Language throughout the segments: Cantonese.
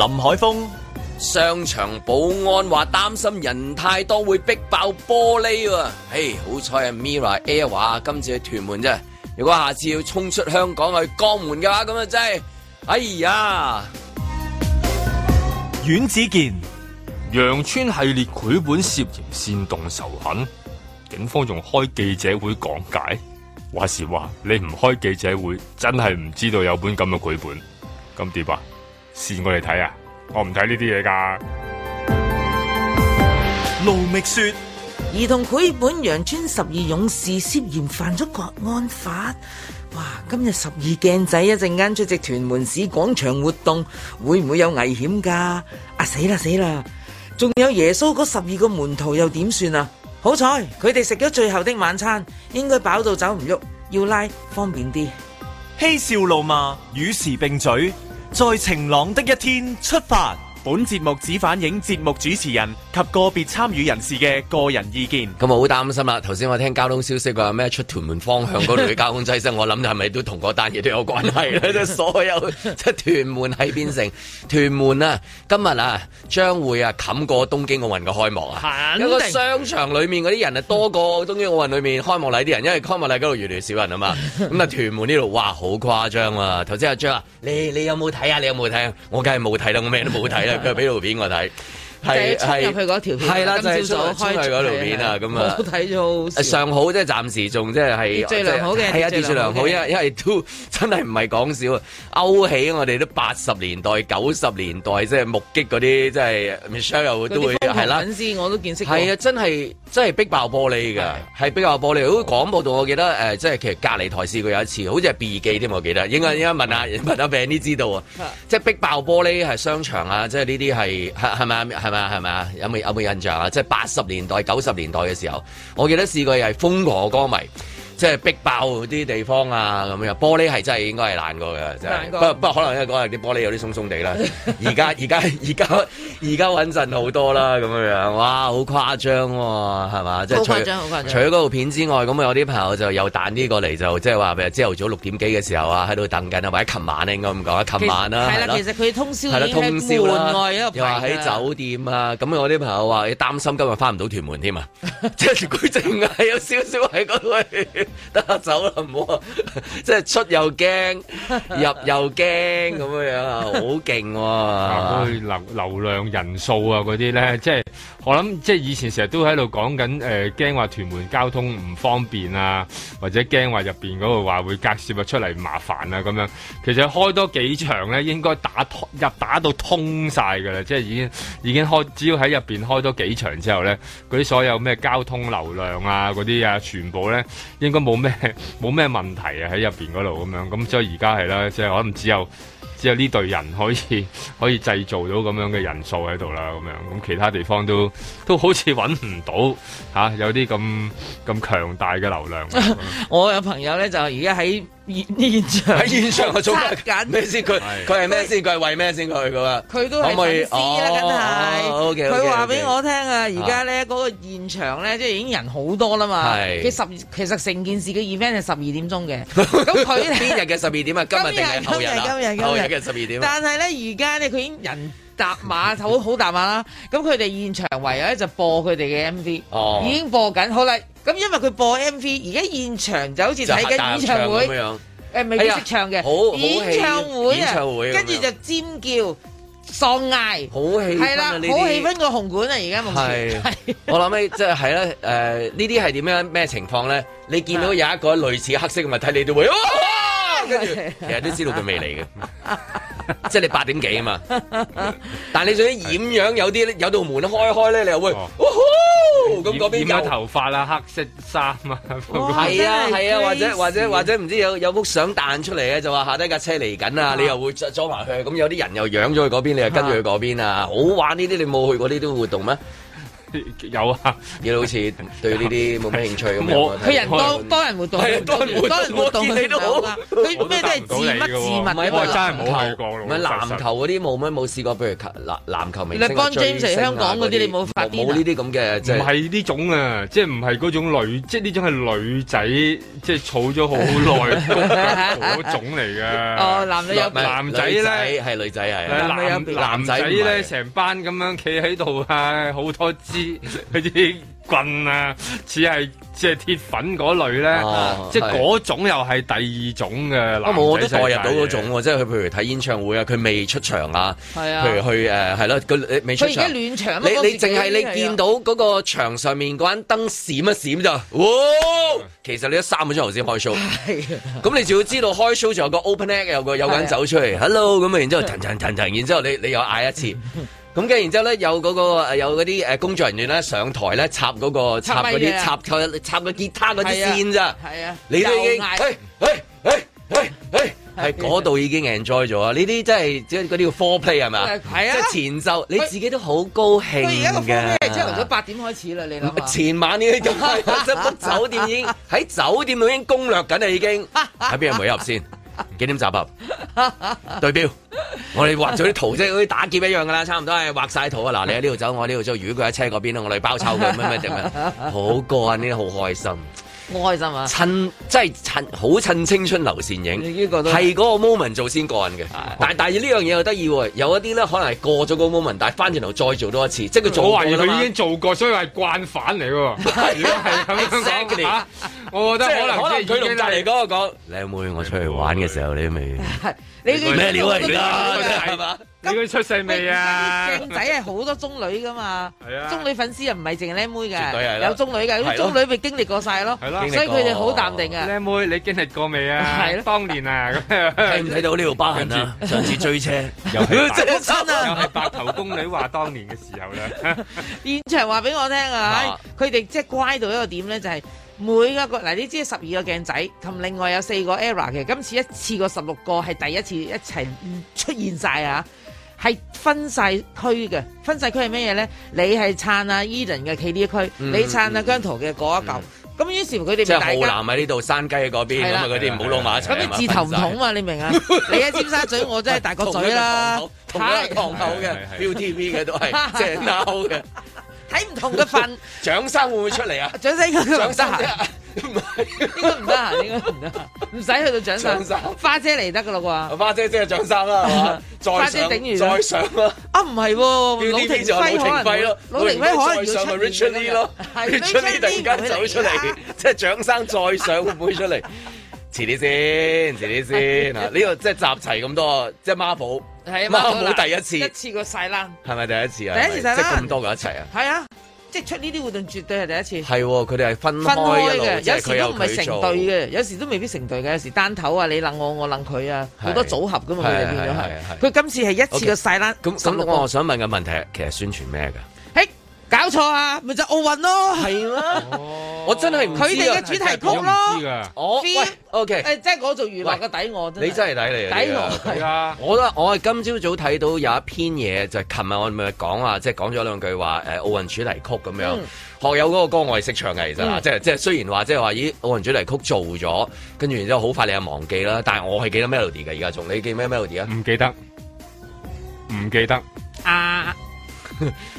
林海峰，商場保安話擔心人太多會逼爆玻璃喎、啊。唉，好彩係 Mirror 話今次去屯門啫。如果下次要衝出香港去江門嘅話，咁啊真係，哎呀！阮子健，羊村系列繪本涉嫌煽動仇恨，警方仲開記者會講解，話時話你唔開記者會，真係唔知道有本咁嘅繪本，咁點啊？視我嚟睇啊！我唔睇呢啲嘢噶。盧覓雪兒童繪本《羊村十二勇士》涉嫌犯咗國安法。哇！今日十二鏡仔一陣間出席屯門市廣場活動，會唔會有危險噶？啊死啦死啦！仲有耶穌嗰十二個門徒又點算啊？好彩佢哋食咗最後的晚餐，應該飽到走唔喐，要拉方便啲。嬉笑怒罵，與時並嘴。在晴朗的一天出發。本節目只反映節目主持人及個別參與人士嘅個人意見。咁我好擔心啦！頭先我聽交通消息話咩出屯門方向嗰度嘅交通擠塞， 我諗係咪都同嗰單嘢都有關係咧？ 所有即屯門係變成屯門啊！今日啊，將會啊冚過東京奧運嘅開幕啊！肯定個商場裏面嗰啲人啊多過東京奧運裏面開幕禮啲人，因為開幕禮嗰度越嚟越少人啊嘛。咁 啊，屯門呢度哇好誇張啊！頭先阿張啊，你你有冇睇啊？你有冇睇啊？我梗係冇睇啦，我咩都冇睇 佢俾圖片我睇，係係入去嗰條片，係啦，就係出開嗰條片啊，咁啊，睇到上好，即係暫時仲即係係，最良好嘅，係啊，最良好，因因為都真係唔係講笑啊，勾起我哋都八十年代、九十年代即係目擊嗰啲，即係 Michelle 都會係啦粉絲我都見識，係啊，真係。即係逼爆玻璃噶，係逼爆玻璃。如果廣播度，我記得誒，即、呃、係其實隔離台試過有一次，好似係 B 記添，我記得。應該應該問下問下 Benny 知道啊。即係逼爆玻璃係商場啊，即係呢啲係係咪係咪係咪啊？有冇有冇印象啊？即係八十年代九十年代嘅時候，我記得試過又係瘋狂歌迷。即係逼爆啲地方啊咁樣，玻璃係真係應該係爛過嘅，即係不難不，不，不可能因為啲玻璃有啲鬆鬆地啦。而家而家而家而家穩陣好多啦咁樣，哇好誇張喎、啊，係嘛？即係除除咗嗰部片之外，咁我啲朋友就又彈啲過嚟，就即係話譬如朝頭早六點幾嘅時候啊，喺度等緊啊，或者琴晚應該咁講啊，琴晚啦。係啦，其實佢、啊啊、通宵影喺門外嗰、啊、又話喺酒店啊，咁我啲朋友話擔心今日翻唔到屯門添啊，即係佢淨係有少少喺嗰度。得走啦，唔好啊！即係出又驚，入又驚，咁 樣樣啊，好勁喎！流、那個、流量人、啊、人數啊嗰啲咧，即係我諗，即係以前成日都喺度講緊誒驚話屯門交通唔方便啊，或者驚話入邊嗰度話會隔攝啊出嚟麻煩啊咁樣。其實開多幾場咧，應該打通入打到通晒嘅啦，即係已經已經開只要喺入邊開多幾場之後咧，嗰啲所有咩交通流量啊嗰啲啊，全部咧應該。冇咩冇咩問題啊！喺入面嗰度咁樣，咁所以而家係啦，即係可能只有只有呢隊人可以可以製造到咁樣嘅人數喺度啦。咁樣，咁其他地方都都好似揾唔到吓，有啲咁咁強大嘅流量。 我有朋友咧，就而家喺。現場喺現場，我做緊咩先？佢佢係咩先？佢係為咩先佢，噶？佢都係公司啦，梗係。O K O K 佢話俾我聽啊，而家咧嗰個現場咧，即係已經人好多啦嘛。係。佢十其實成件事嘅 event 係十二點鐘嘅。咁佢呢日嘅十二點啊，今日定係後日今日？後日嘅十二點。但係咧，而家咧佢已經人。搭馬就好，好搭馬啦。咁佢哋現場唯有咧就播佢哋嘅 M V，哦、已經播緊。好啦，咁因為佢播 M V，而家現場就好似睇緊演唱會咁樣？誒、呃，未必識唱嘅、啊，演唱會啊，跟住樣就尖叫、喪嗌，好氣氛啦，好氣氛個紅館啊！而家冇。係是， 我諗起即係係啦。呢啲係點樣咩情況咧？你見到有一個類似黑色嘅物體，你都會跟住，其實都知道佢未嚟嘅。 即係你八點幾啊嘛，但係你總之染樣有啲有道門開開咧，你又會，咁嗰邊染染咗頭髮啦，黑色衫啊，係啊係啊，或者或者或者唔知有有幅相彈出嚟啊，就話下低架車嚟緊啊，你又會裝埋去，咁有啲人又養咗去嗰邊，你又跟住去嗰邊啊，好玩呢啲，你冇去過呢啲活動咩？有啊，而你好似對呢啲冇咩興趣咁。佢人多，多人活動，多人多人活動。我見你都好。佢咩都係自乜自物。唔係我真係唔好講咯。唔係籃球嗰啲冇乜冇試過，譬如球冇籃球明星最嘅。唔係呢種啊，即係唔係嗰種女，即係呢種係女仔，即係儲咗好耐好多種嚟嘅。哦，男女有男仔咧係女仔係。男男仔咧成班咁樣企喺度啊，好多嗰啲 棍啊，似係、啊、即係鐵粉嗰類咧，即係嗰種又係第二種嘅。啊，我都代入到嗰種，即係佢譬如睇演唱會啊，佢未、呃啊、出場啊，譬如去誒係咯，佢未出。佢自己暖場你你淨係你見到嗰個場上面嗰盞燈閃一閃就，其實你得三個鐘頭先開 show，咁、啊、你就要知道開 show 仲有個 open act，有個有人走出嚟，hello 咁啊，Hello, 然之後，後，騰騰騰騰然之後你你又嗌一次。咁跟住然之後咧，有嗰個，有嗰啲誒工作人員咧上台咧插嗰個插嗰啲插個插個吉他嗰啲線咋。係啊，啊你都已經，誒誒誒誒係嗰度已經 enjoy 咗啊！呢啲真係，即係嗰啲叫 four play 係嘛？係啊。即係前奏，你自己都好高興而家、啊、個 four play, 即係早八點開始啦，你諗前晚呢啲咁，啊、 酒店已經喺酒店已經攻略緊啦，已經喺邊度回合先？幾點集合？對表。 我哋畫咗啲圖即係，好似打劫一樣噶啦，差唔多係畫晒圖啊！嗱， 你喺呢度走，我喺呢度走。如果佢喺車嗰邊，我哋包抄佢咁樣咁樣，好過癮呢啲，好 開心，好開心啊！趁即係趁好趁青春留倩影，係嗰 個，個 moment 做先過癮嘅。但但呢樣嘢又得意喎，有一啲咧可能係過咗個 moment，但係翻轉頭再做多一次，即係佢做過。 我懷疑佢已經做過，所以係慣犯嚟喎。 如果係咁樣，Exactly. 啊我覺得即係可能佢同大黎哥講，靚妹，我出去玩嘅時候你都未咩料啊而家，係嘛？佢出世未啊？靚仔係好多中女㗎嘛？係啊！中女粉絲又唔係淨係靚妹嘅，絕對係啦，有中女嘅，啲中女咪經歷過曬咯。係啦，所以佢哋好淡定嘅。靚妹，你經歷過未啊？係咯，當年啊咁樣。睇唔睇到呢度疤痕啊？上次追車又真啊！又係白頭宮女話當年嘅時候啦。現場話俾我聽啊，佢哋即係乖到一個點咧，就係。每一個嗱，呢支十二個鏡仔同另外有四個 error 嘅，今次一次過十六個係第一次一齊出現晒啊！係分晒區嘅，分晒區係咩嘢咧？你係撐啊 Edan 嘅 KD 呢一區，你撐阿姜濤嘅嗰一嚿。咁於是乎佢哋即係浩南喺呢度，山雞喺嗰邊啊嘛，嗰啲唔好撈埋一齊，你字頭唔同啊，你明啊？你喺尖沙咀，我真係大角咀啦，同一堂口嘅 ViuTV 嘅都係正係嘅。睇唔同嘅份，掌生會唔會出嚟啊？掌生，掌生唔得閒，唔係應該唔得閒，應該唔得閒，唔使去到掌生曬。花姐嚟得㗎喇喎！花姐即係掌生啦，再上再上啦。啊，唔係，老情輝咯，老情輝可能要出啲咯，出啲突然間走出嚟，即係掌生再上會唔會出嚟？遲啲先，遲啲先。嗱，呢個即係集齊咁多，即係 Marvel。Marvel 第一次，一次個曬冷，係咪第一次啊？第一次即咁多咁一齊啊？係啊，即係出呢啲活動絕對係第一次。係，佢哋係分開嘅，有時都唔係成隊嘅，有時都未必成隊嘅，有時單頭啊，你楞我，我楞佢啊，好多組合噶嘛，佢哋變咗係。佢今次係一次個曬冷。咁咁，我我想問嘅問題其實宣傳咩噶？搞錯啊，咪就奧運咯，係啊。我真係唔記得佢哋嘅主題曲咯。我喂，O K，即係我做娛樂嘅底，我你真係底嚟。底我係啊，我覺得我係今朝早睇到有一篇嘢，就係琴日我咪講啊，即係講咗兩句話，誒，奧運主題曲咁樣，學友嗰個歌我係識唱嘅，其實啦，即係即係雖然話即係話，咦，奧運主題曲做咗，跟住然之後好快你又忘記啦，但係我係記得 melody 嘅，而家仲你記咩 melody 啊？唔記得，唔記得啊，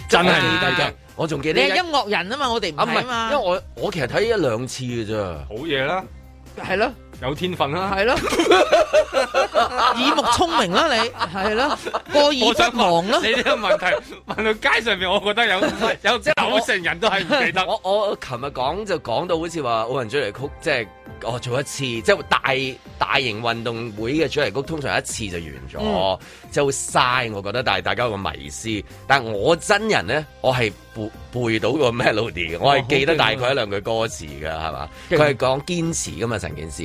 真係。我仲記得音樂人啊嘛，我哋唔係嘛、啊，因為我我其實睇一兩次嘅啫，好嘢啦，係咯，有天分啦，係咯啦， 耳目聰明、啊、 啦，你係咯過耳不忘啦、啊，你呢個問題 問到街上面，我覺得有有九成 我人都係唔記得我。我我琴日講就講到好似話奧運主題曲，即、就、係、是、我做一次，即、就、係、是、大大型運動會嘅主題曲，通常一次就完咗，即係、嗯、會嘥。我覺得，但係大家個迷思，但係我真人咧，我係。背，背到個 melody 我係記得大概一兩句歌詞嘅，係嘛？佢係講堅持噶嘛，成件事，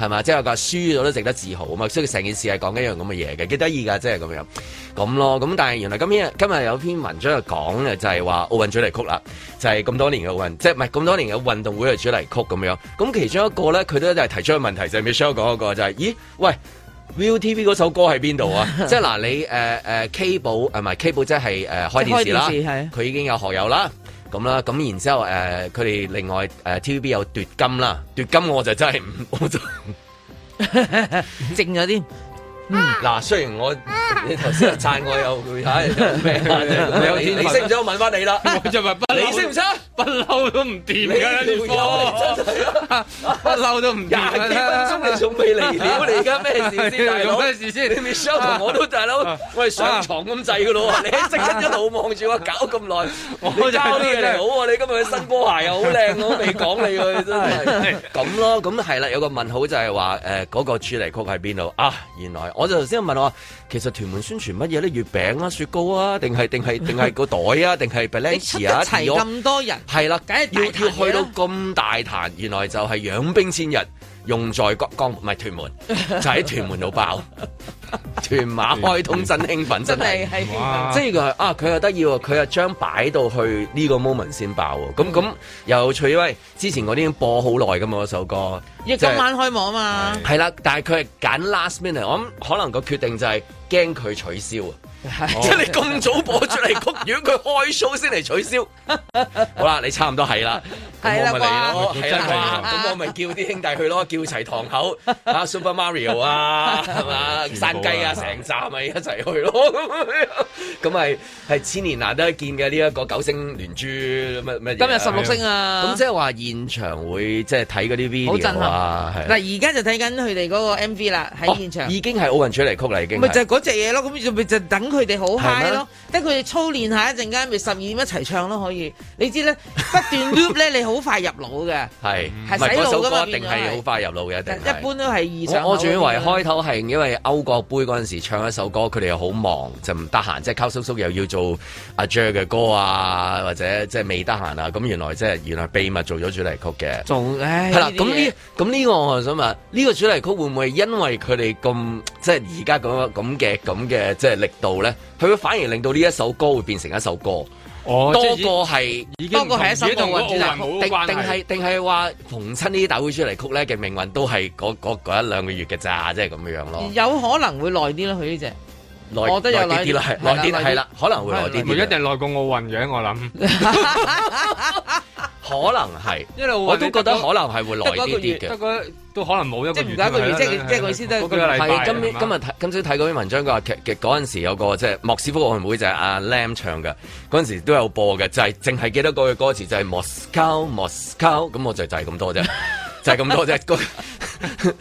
係嘛、嗯？即係話輸咗都值得自豪啊嘛，所以成件事係講緊一樣咁嘅嘢嘅，幾得意㗎，即係咁樣咁咯。咁但係原來今日今日有篇文章係講嘅，就係話奧運主題曲啦，就係、是、咁多年嘅運，即係唔係咁多年嘅運動會嘅主題曲咁樣。咁其中一個咧，佢都係提出個問題，就係未 i c h 講嗰個就係、是，咦，喂。ViuTV 嗰首歌喺邊度啊？ 即係嗱，你誒誒 Cable 誒唔係 Cable，呃呃 Cable，呃、即係誒、呃、開電視啦，佢的已經有學友啦，咁啦，咁然之後誒，佢、呃、哋另外誒、呃、TVB 有奪金啦，奪金我就真係唔，我就 剩咗啲。嗱，雖然我你頭先讚我又唉，有咩？你識唔識？我問翻你啦。你識唔識？不嬲都唔掂㗎啦，唔好。不嬲都唔掂啦。幾分鐘你仲未嚟？如果你而家咩事先？做咩事先？你未收同我都就係咯。我係上牀咁滯嘅咯喎。你一直一路望住我，搞咁耐。你交啲嘢好喎，你今日嘅新波鞋又好靚喎，未講你真係。咁咯，咁係啦。有個問號就係話誒，嗰個主題曲喺邊度啊？原來。我就頭先問我其實屯門宣傳乜嘢咧？月餅啊、雪糕啊，定係定係定係個袋啊，定係 bling bling 啊？一齊咁多人，係啦，梗係要要去到咁大壇，原來就係養兵千日。用在江江唔係屯門， 就喺屯門度爆。 屯馬開通真興奮， 真係係興奮是，哇即係佢啊！佢又得意喎，佢又將擺到去呢個 moment 先爆喎。咁咁，又、嗯嗯、徐喂，之前我哋已經播好耐㗎嘛，嗰首歌。因為今晚開網啊嘛。係啦、就是是，但係佢係揀 last minute，我諗可能個決定就係、是。驚佢取消啊！即係你咁早播出嚟曲，如果佢開 show 先嚟取消，好啦，你差唔多係啦，係啦，咁我咪叫啲兄弟去咯，叫齊堂口 Super Mario 啊，係嘛，山雞啊，成站咪一齊去咯，咁係係千年難得見嘅呢一個九星聯珠乜乜嘢今日十六星啊，咁即係話現場會即係睇嗰啲 video 啊，嗱，而家就睇緊佢哋嗰個 MV 啦，喺現場已經係奧運出嚟曲啦，已經隻嘢咯，咁咪就等佢哋好嗨 i g h 咯，嗎等佢哋操練下一陣間，咪十二點一齊唱咯，可以。你知咧，不斷 l o o 咧，你好快入腦嘅。係， 唔係嗰首歌一定係好快入腦嘅，一定是。一般都係二首。我轉為開頭係因為歐國杯嗰陣時唱一首歌，佢哋又好忙就唔得閒，即係摳叔叔又要做阿 j e r 嘅歌啊，或者即係未得閒啊。咁原來即係原來秘密做咗主題曲嘅，仲係啦。咁呢咁呢個我係想問，呢、這個主題曲會唔會因為佢哋咁即係而家咁咁嘅？嘅咁嘅即係力度咧，佢會反而令到呢一首歌會變成一首歌。哦，多過係已經多過係一首歌，定係定係話逢親呢啲大會出嚟曲咧嘅命運都係嗰嗰嗰一兩個月嘅咋，即係咁樣樣咯。有可能會耐啲咯，佢呢隻。我都又耐啲啦，係耐啲係啦，可能會耐啲，唔一定耐過奧運嘅我諗，可能係，我都覺得可能係會耐啲啲嘅，都可能冇一個，即係即係即意思即係。今今日睇今朝睇嗰篇文章，佢話劇劇嗰陣時有個即係莫斯科奧運會就係阿 Lam 唱嘅，嗰時都有播嘅，就係淨係記得個歌詞就係莫斯科莫斯科，咁我就就係咁多啫，就係咁多啫。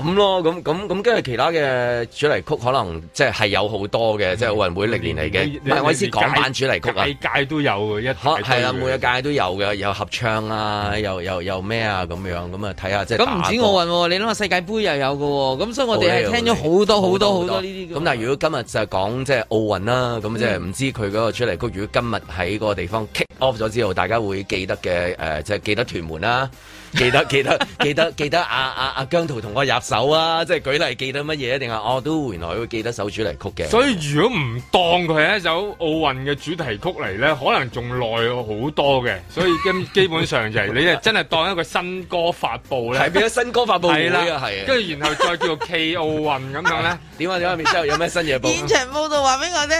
咁咯，咁咁咁，跟住其他嘅主題曲可能即係有好多嘅，即係奧運會歷年嚟嘅。我意思港版主題曲啊！每都屆都有嘅一，係啦、啊，每一屆都有嘅，有合唱啊，嗯、又又又咩啊咁樣，咁啊睇下即係。咁唔止奧運，你諗下世界盃又有喎、啊。咁所以我哋係聽咗好多好多好多呢啲。咁但係如果今日就係講即係奧運啦、啊，咁即係唔知佢嗰個主題曲，如果今日喺嗰個地方 kick off 咗之後，大家會記得嘅、呃、即係記得屯門啦、啊。記得記得記得記得阿阿阿姜濤同我入手啊！即係舉例記得乜嘢啊？定係我都原來會記得首主題曲嘅。所以如果唔當佢係一首奧運嘅主題曲嚟咧，可能仲耐好多嘅。所以基基本上就係你係真係當一個新歌發布咧，變咗新歌發布咁樣係啊。跟住然後再叫做 K 奧運咁樣咧，點解？點解？然之後有咩新嘢播？現場報道話俾我聽，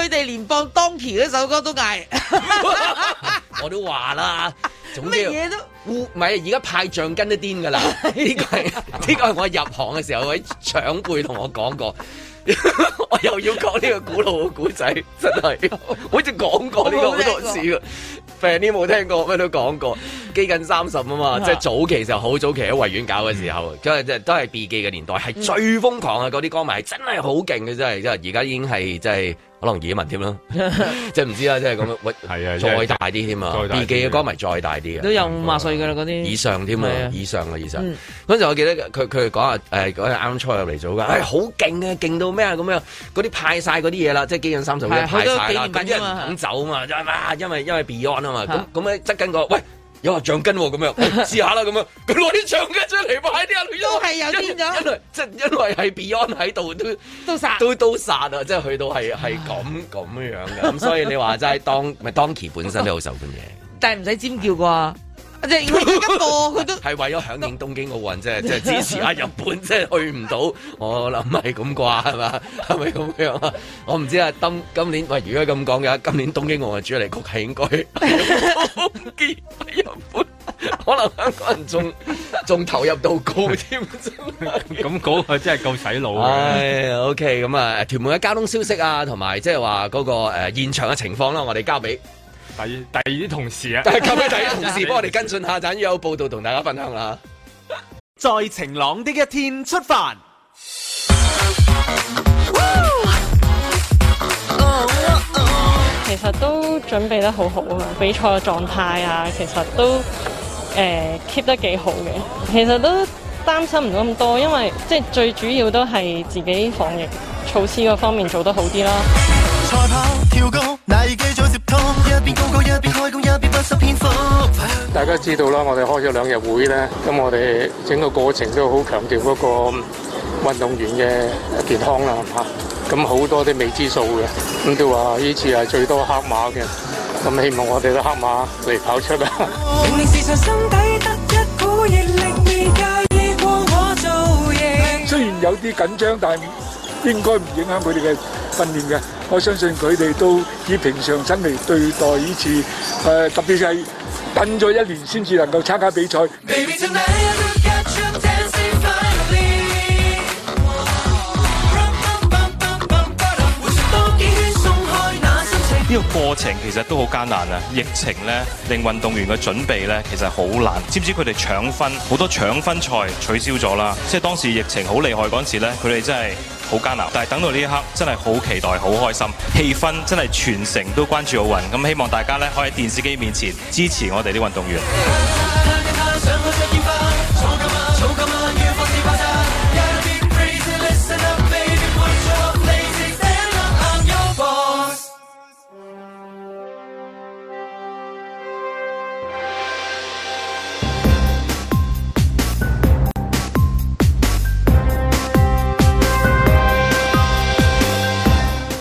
佢哋連播 Donkey 嗰首歌都嗌。我都話啦，做咩嘢都。烏唔係，而家、哦、派橡筋都癲噶啦！呢個係呢個係我入行嘅時候， 位長輩同我講過， 我又要講呢個古老嘅故仔，真係好似講過呢個好多次。Penny 冇聽過，咩都講過，幾近三十啊嘛，即係 早期時候，好早期喺維園搞嘅時候，即係即係都係 B 記嘅年代，係最瘋狂嘅！嗰啲歌迷真係好勁嘅，真係，即係而家已經係即係。可能移民添啦，即係唔知啦，即係咁樣喂，係啊，再大啲添啊二 G 嘅歌迷再大啲啊，都有五廿歲噶啦嗰啲以上添啊，以上啊，以上嗰陣我記得佢佢哋講啊，誒嗰日啱初入嚟做噶，哎好勁啊，勁到咩啊咁樣，嗰啲派晒嗰啲嘢啦，即係幾近三十派晒，啊，跟人唔走啊嘛，就係嘛，因為因為 Beyond 啊嘛，咁咁咧側緊個，喂有個橡筋咁樣，試下啦咁啊，佢攞啲橡筋出嚟。都係有變咗，即係因為係 Beyond 喺度都都殺，都都殺啊！即係去到係係咁咁樣嘅，咁所以你話就係當期本身都好受歡迎嘅，但係唔使尖叫啩，即係而家播佢都係為咗響應東京奧運啫，即係即係支持下日本啫，即係去唔到 我諗唔係咁啩，係嘛？係咪咁樣啊？我唔知啊，今今年喂，如果咁講嘅話，今年東京奧運主題曲係應該東京日本。 可能香港人仲仲投入到高添，咁嗰個真係夠洗腦唉 O K，咁啊、哎，屯、okay, 門嘅交通消息啊，同埋即係話嗰個誒、呃、現場嘅情況啦、啊，我哋交俾第第二啲同事啊，交俾第二啲第 1, 同事幫我哋跟進下，陣要第 1, 有報道同大家分享啦。在晴朗的一天出發，其實都準備得好好啊，比賽嘅狀態啊，其實都。誒 keep 得幾好嘅，其實都擔心唔到咁多，因為即係最主要都係自己防疫措施嗰方面做得好啲啦。大家知道啦，我哋開咗兩日會咧，咁我哋整個過程都好強調嗰個運動員嘅健康啦，咁好多啲未知數嘅，咁都話呢次係最多黑馬嘅。咁希望我哋都黑馬嚟跑出啦。雖然有啲緊張，但係應該唔影響佢哋嘅訓練嘅。我相信佢哋都以平常心嚟對待呢次，誒特別係等咗一年先至能夠參加比賽。呢個過程其實都好艱難啊！疫情呢，令運動員嘅準備呢，其實好難，知唔知佢哋搶分好多搶分賽取消咗啦？即係當時疫情好厲害嗰陣時呢，佢哋真係好艱難。但係等到呢一刻，真係好期待、好開心，氣氛真係全城都關注奧運。咁希望大家呢，可以喺電視機面前支持我哋啲運動員。看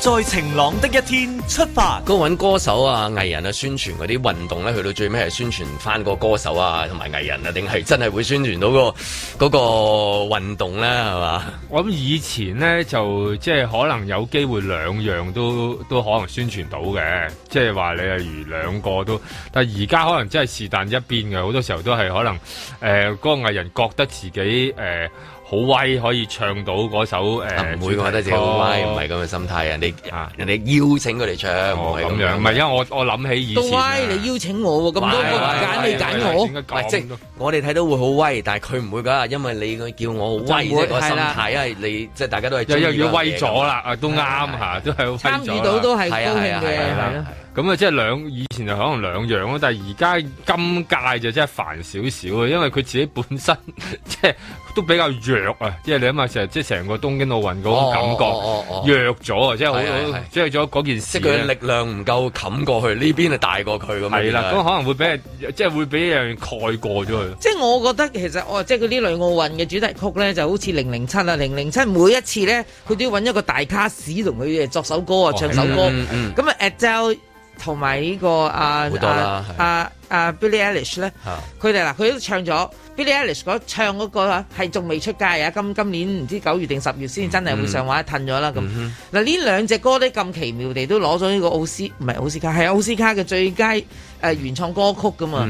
在晴朗的一天出發。嗰揾歌手啊、藝人啊宣傳嗰啲運動呢，去到最尾係宣傳翻個歌手啊同埋藝人啊，定係真係會宣傳到個嗰個運動呢？係嘛？我諗以前呢，就即係可能有機會兩樣都都可能宣傳到嘅，即係話你例如兩個都，但係而家可能真係是但一邊嘅，好多時候都係可能誒，嗰個藝人覺得自己誒。呃好威可以唱到嗰首誒，唔會覺得自己好威，唔係咁嘅心態。人哋啊，人哋邀請佢嚟唱，唔係咁樣。唔係因為我我諗起以前都威，你邀請我喎，咁多個揀你揀我。即係我哋睇到會好威，但係佢唔會㗎，因為你佢叫我好威。係啦，因為你即係大家都係參與咗啦，都啱下，都係參與到都係高興嘅。咁啊，即係兩以前就可能兩樣咯，但係而家今屆就真係煩少少啊，因為佢自己本身即係都比較弱啊，即係你諗下成即係成個東京奧運嗰種感覺弱咗啊，即係好即係咗嗰件事咧，力量唔夠冚過去呢邊啊，大過佢咁樣。係啦，咁可能會俾即係會俾一樣蓋過咗佢。即係我覺得其實我即係佢呢類奧運嘅主題曲咧，就好似零零七啊，零零七每一次咧，佢都要搵一個大卡士同佢作首歌啊，哦，唱首歌。咁啊同埋呢個阿阿、啊、Billie Eilish 咧的，佢哋嗱佢都唱咗 Billie Eilish 嗰唱嗰個係仲未出街啊！今今年唔知九月定十月先真係會上畫褪咗啦咁。嗱呢兩隻歌都咁奇妙地都攞咗呢個奧斯唔係奧斯卡係奧斯卡嘅最佳、呃、原創歌曲噶嘛。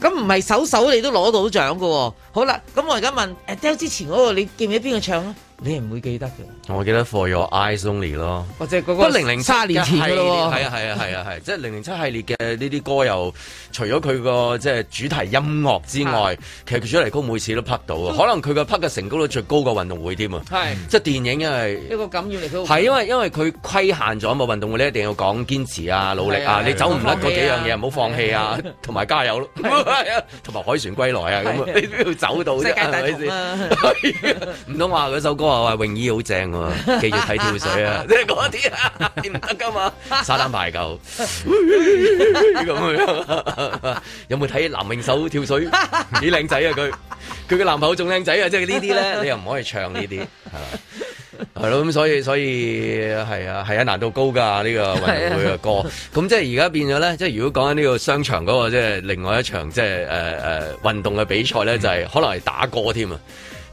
咁唔係首首你都攞到獎喎、哦。好啦，咁我而家問 Adele 之前嗰、那個你記唔記得邊個唱啊？你係唔會記得嘅，我記得 For Your Eyes Only 咯，或者嗰個零零七年前嘅喎，係啊係啊係啊係，即係零零七系列嘅呢啲歌又除咗佢個即係主題音樂之外，其實主題曲每次都拍到啊，可能佢個拍嘅成功率最高過運動會添啊，係即係電影因係一個感染力都係因為因為佢規限咗嘛，運動會你一定要講堅持啊、努力啊，你走唔甩嗰幾樣嘢，唔好放棄啊，同埋加油咯，同埋凱旋歸來啊，咁你都要走到即係唔通話首歌？泳衣好正，啊，記住睇跳水啊！即係嗰啲啊，唔得噶嘛！ 沙灘排球咁樣， 有冇睇男泳手跳水？幾靚仔啊！佢佢嘅男朋友仲靚仔啊！即係呢啲咧， 你又唔可以唱呢啲係咪？係咯，咁 所以所以係啊，係啊，難度高噶呢、個運動會嘅歌。咁 即係而家變咗咧，即係如果講喺呢個商場嗰、個，即、就、係、是、另外一場即係誒誒運動嘅比賽咧，就係、是呃呃就是、可能係打歌添啊！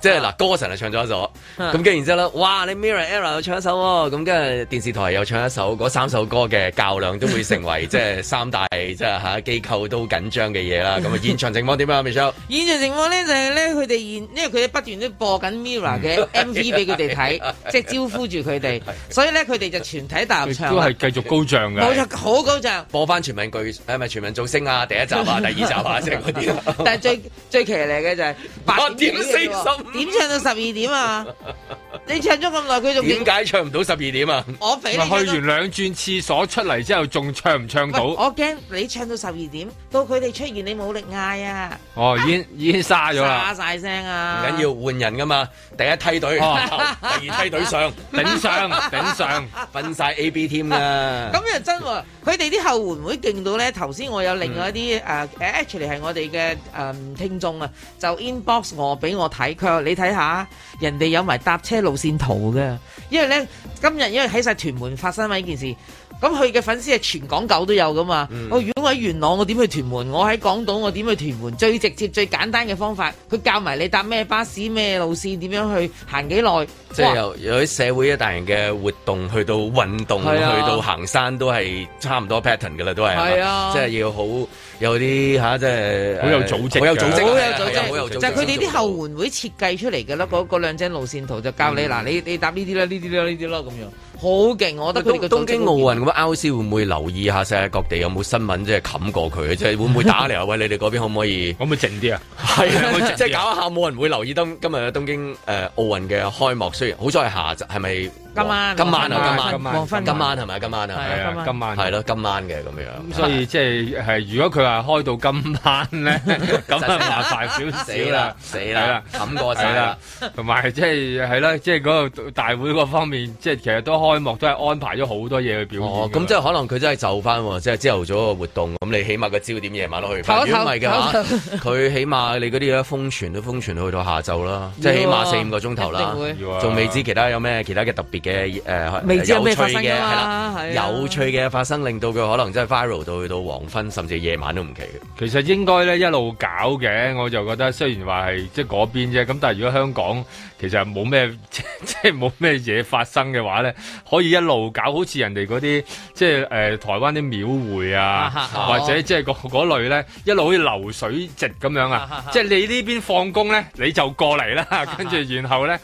即係嗱，歌神係唱咗一首，咁跟住然之後咧，哇！你 MIRROR ERA 又唱一首喎，咁跟住電視台又唱一首，嗰三首歌嘅較量都會成為即係三大即係吓機構都緊張嘅嘢啦。咁啊，現場情況點啊，Michelle？現場情況咧就係咧，佢哋現因為佢哋不斷都播緊 MIRROR 嘅 MV 俾佢哋睇，即係招呼住佢哋，所以咧佢哋就全體大合唱。都係繼續高漲㗎，冇錯，好高漲。播翻全民巨係咪全民造星啊？第一集啊，第二集啊，即係嗰啲。但係最最騎呢嘅就係八點四十五點唱到十二點啊！你唱咗咁耐，佢仲點解唱唔到十二點啊？我俾你去完兩轉廁所出嚟之後，仲唱唔唱到？我驚你唱到十二點，到佢哋出現，你冇力嗌啊！哦，已經已經沙咗啦，沙晒聲啊！唔緊要，換人噶嘛，第一梯隊，第二梯隊上，頂上頂上，瞓晒 A B 添啦！咁又真喎，佢哋啲後援會勁到咧。頭先我有另外一啲誒誒 actually 係我哋嘅誒聽眾啊，就 inbox 我俾我睇。你睇下，人哋有埋搭車路線圖嘅，因為咧，今日因為喺晒屯門發生咗呢件事。咁佢嘅粉絲係全港九都有噶嘛？嗯、我如果喺元朗，我點去屯門？我喺港島，我點去屯門？最直接、最簡單嘅方法，佢教埋你搭咩巴士、咩路線，點樣去行幾耐。即係由社會一大型嘅活動，去到運動，啊、去到行山，都係差唔多 pattern 噶啦，都係。係啊，即係要好有啲吓，即係好有組織，好、啊啊、有組織，好有組織。就係佢哋啲後援會設計出嚟㗎啦，嗰嗰、嗯、兩張路線圖就教你嗱、嗯，你你搭呢啲啦，呢啲啦，呢啲啦咁樣。好勁，我覺得東、東京奧運咁啊 IOC 會唔會留意下世界各地有冇新聞即係冚過佢？即係會唔會打嚟啊？喂，你哋嗰邊可唔可以？可唔可以靜啲啊？係啊，即係搞一下冇人會留意今今日嘅東京誒、呃、奧運嘅開幕。雖然好彩係下集，係咪？今晚今晚啊，今晚今晚今晚係咪啊？今晚啊，係啊，今晚係咯，今晚嘅咁樣，咁所以即係係如果佢話開到今晚咧，咁啊麻煩少少啦，死啦冚過死啦，同埋即係係啦，即係嗰個大會嗰方面，即係其實都開幕都係安排咗好多嘢去表演。哦，咁即係可能佢真係就翻，即係朝頭早個活動，咁你起碼個焦點夜晚都去埋。如果唔係嘅話，佢起碼你嗰啲嘢封存都封存去到下晝啦，即係起碼四五個鐘頭啦，仲未知其他有咩其他嘅特別。嘅誒、呃、知有趣嘅係啦，有趣嘅發生令到佢可能真係 viral 到去到黃昏，甚至夜晚都唔奇。其實應該咧一路搞嘅，我就覺得雖然話係即係嗰邊啫，咁但係如果香港其實冇咩即係冇咩嘢發生嘅話咧，可以一路搞好似人哋嗰啲即係誒、呃、台灣啲廟會啊， 或者即係嗰類咧，一路好似流水席咁樣啊， 即係你呢邊放工咧你就過嚟啦，跟住然後咧。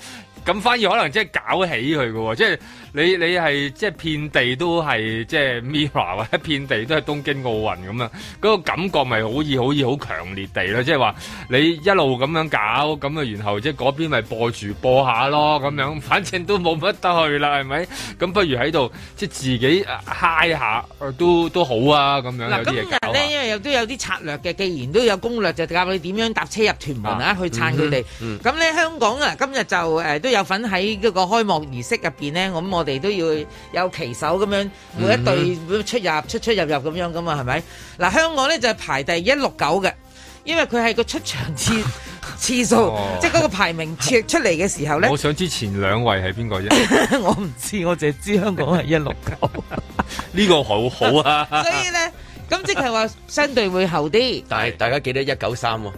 咁反而可能即係搞起佢嘅，即係你你係即係遍地都係即係 Mirror 或者遍地都係東京奧運咁啊，嗰、嗰個感覺咪好易好易好強烈地咯，即係話你一路咁樣搞，咁啊然後即係嗰邊咪播住播下咯，咁樣反正都冇乜得去啦，係咪？咁不如喺度即係自己嗨下、呃、都都好啊，咁樣有啲嘢搞下。又都有啲策略嘅，既然都有攻略，就教你點樣搭車入屯門啊，去撐佢哋。咁咧，香港啊，今日就誒都有份喺嗰個開幕儀式入邊咧，咁我哋都要有旗手咁樣，每一隊出入出出入入咁樣噶嘛，係咪？嗱，香港咧就排第一六九嘅，因為佢係個出場次次數，即係嗰個排名出出嚟嘅時候咧。我想之前兩位係邊個啫？我唔知，我淨係知香港係一六九，呢個好好啊！所以咧。咁 即係話相對會厚啲， 但係大家記得一九三喎，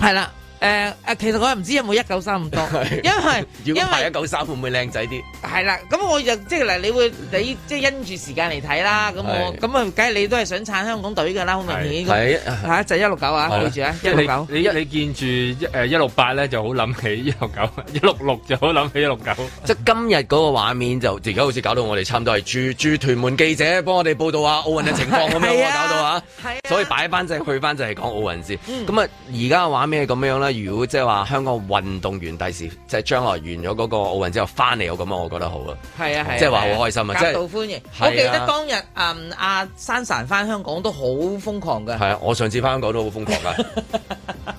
係啦。誒誒，其實我唔知有冇一九三咁多，因為因為一九三會唔會靚仔啲？係啦，咁我就即係嗱，你會你即係因住時間嚟睇啦。咁我咁啊，梗係你都係想撐香港隊噶啦，好明顯。係吓就一六九啊，記住啊，一六九。你一你見住一誒一六八咧，就好諗起一六九；一六六就好諗起一六九。即係今日嗰個畫面就而家好似搞到我哋差唔多係駐駐屯門記者幫我哋報道下奧運嘅情況咁樣啊，搞到啊，所以擺翻就去翻就係講奧運先。咁啊，而家嘅畫面係咁樣啦。如果即係話香港運動員第時即係將來完咗嗰個奧運之後翻嚟，我咁啊，我覺得好係啊，係啊，即係話好開心啊，即係。夾道歡迎。就是、我記得當日誒阿珊珊翻香港都好瘋狂嘅。係啊，我上次翻香港都好瘋狂啊，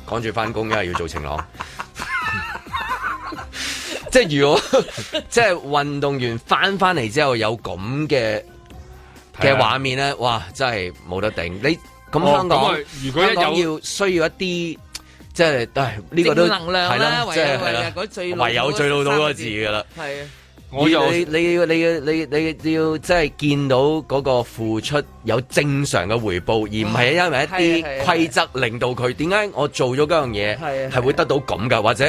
趕住翻工，因為要做晴朗。即係 如果即係、就是、運動員翻翻嚟之後有咁嘅嘅畫面咧，哇，真係冇得頂！你咁香港、哦、如果一港要需要一啲。即係，都係呢個都係啦，即係啦，唯有最老土嗰個字噶啦。係啊，我你你要你要你你要，即係見到嗰個付出有正常嘅回報，而唔係因為一啲規則令到佢，點解我做咗嗰樣嘢係係會得到咁噶，或者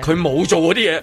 佢冇做嗰啲嘢。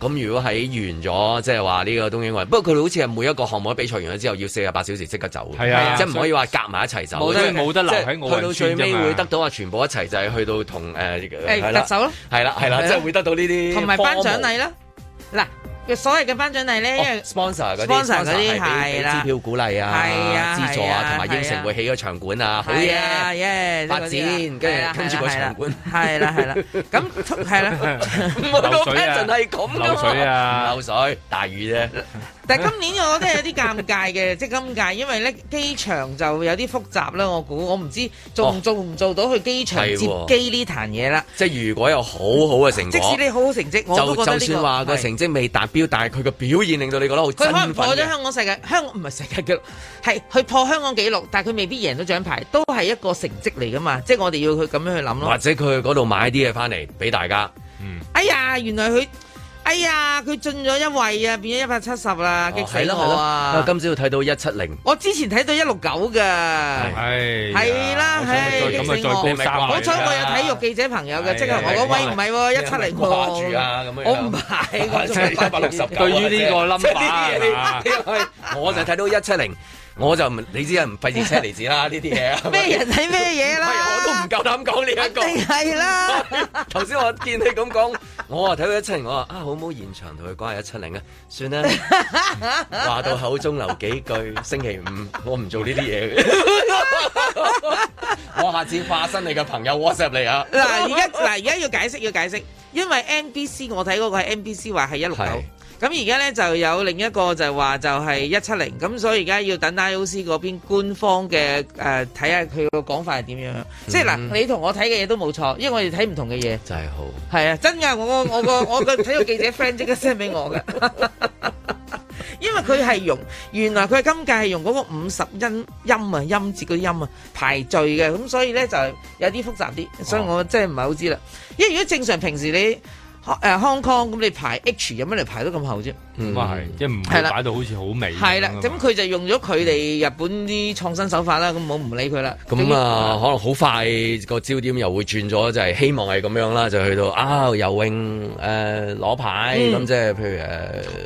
咁如果喺完咗，即係話呢個東京奧運，不過佢好似係每一個項目比賽完咗之後，要四十八小時刻、啊、即刻走，即係唔可以話夾埋一齊走。冇得冇為得留喺奧運村㗎嘛。去到最尾會得到話全部一齊就係、是、去到同誒、呃欸、了特首咯，係啦係啦，即係、啊、會得到呢啲同埋頒獎禮啦嗱。所謂嘅頒獎禮咧，因為 sponsor 嗰啲係啦，支票鼓勵啊，資助啊，同埋應承會起個場館啊，好嘢，發展跟住跟住個場館，係啦係啦，咁係啦，流水啊，流水啊，流水，大雨啫。但今年我覺得有啲尷尬嘅，即係今屆，因為咧機場就有啲複雜啦。我估，我唔知做不做唔做到、哦、去機場接機呢壇嘢啦。即係如果有好好嘅成果，即使你好好成績，我就就算話、個成績未達標，是但係佢個表現令到你覺得好真，佢可能破咗香港世界，香港唔係世界紀錄，係去破香港紀錄，但係佢未必贏到獎牌，都係一個成績嚟噶嘛。即係我哋要佢咁樣去諗咯。或者佢去嗰度買啲嘢翻嚟俾大家。嗯、哎呀，原來佢。哎呀，佢進咗一位啊，變咗一百七十啦，激死我啊！我今朝睇到一七零，我之前睇到一六九噶，係係啦，係，激死我！好彩我有體育記者朋友嘅，即係我嗰位唔係一七零個，我唔係一百六十，對於呢個 number，我就睇到一七零。我就唔，你知啊，唔費事扯離子車厘子啦，呢啲嘢。咩人睇咩嘢啦？我都唔夠膽講呢一個。定係啦。頭先我見你咁講，我話睇到一七零，我話啊，好唔好現場同佢講下一七零啊？算啦，話到口中留幾句。星期五我唔做呢啲嘢。我下次化身你嘅朋友 WhatsApp 你啊。嗱，而家嗱，而家要解釋要解釋，因為 NBC 我睇嗰個係 NBC 話係一六九。咁而家咧就有另一個就係話就係一七零，咁所以而家要等 I O C 嗰邊官方嘅，誒睇下佢個講法係點樣。即係嗱，你同我睇嘅嘢都冇錯，因為我哋睇唔同嘅嘢。真係好。係啊，真㗎！我我個我個體育記者 friend 即刻 send 俾我㗎， 因為佢係用原來佢今屆係用嗰個五十音音啊音節嗰啲音啊排序嘅，咁所以咧就係有啲複雜啲，所以我真係唔係好知啦。Oh. 因為如果正常平時你。誒 Hong Kong，咁、呃、你排 H 有乜嚟排得咁後啫？唔係，即係唔擺到好似好美。係啦，咁佢就用咗佢哋日本啲創新手法啦，咁我唔理佢啦。咁啊，可能好快個焦點又會轉咗，就係希望係咁樣啦，就去到啊游泳誒攞牌，咁即係譬如誒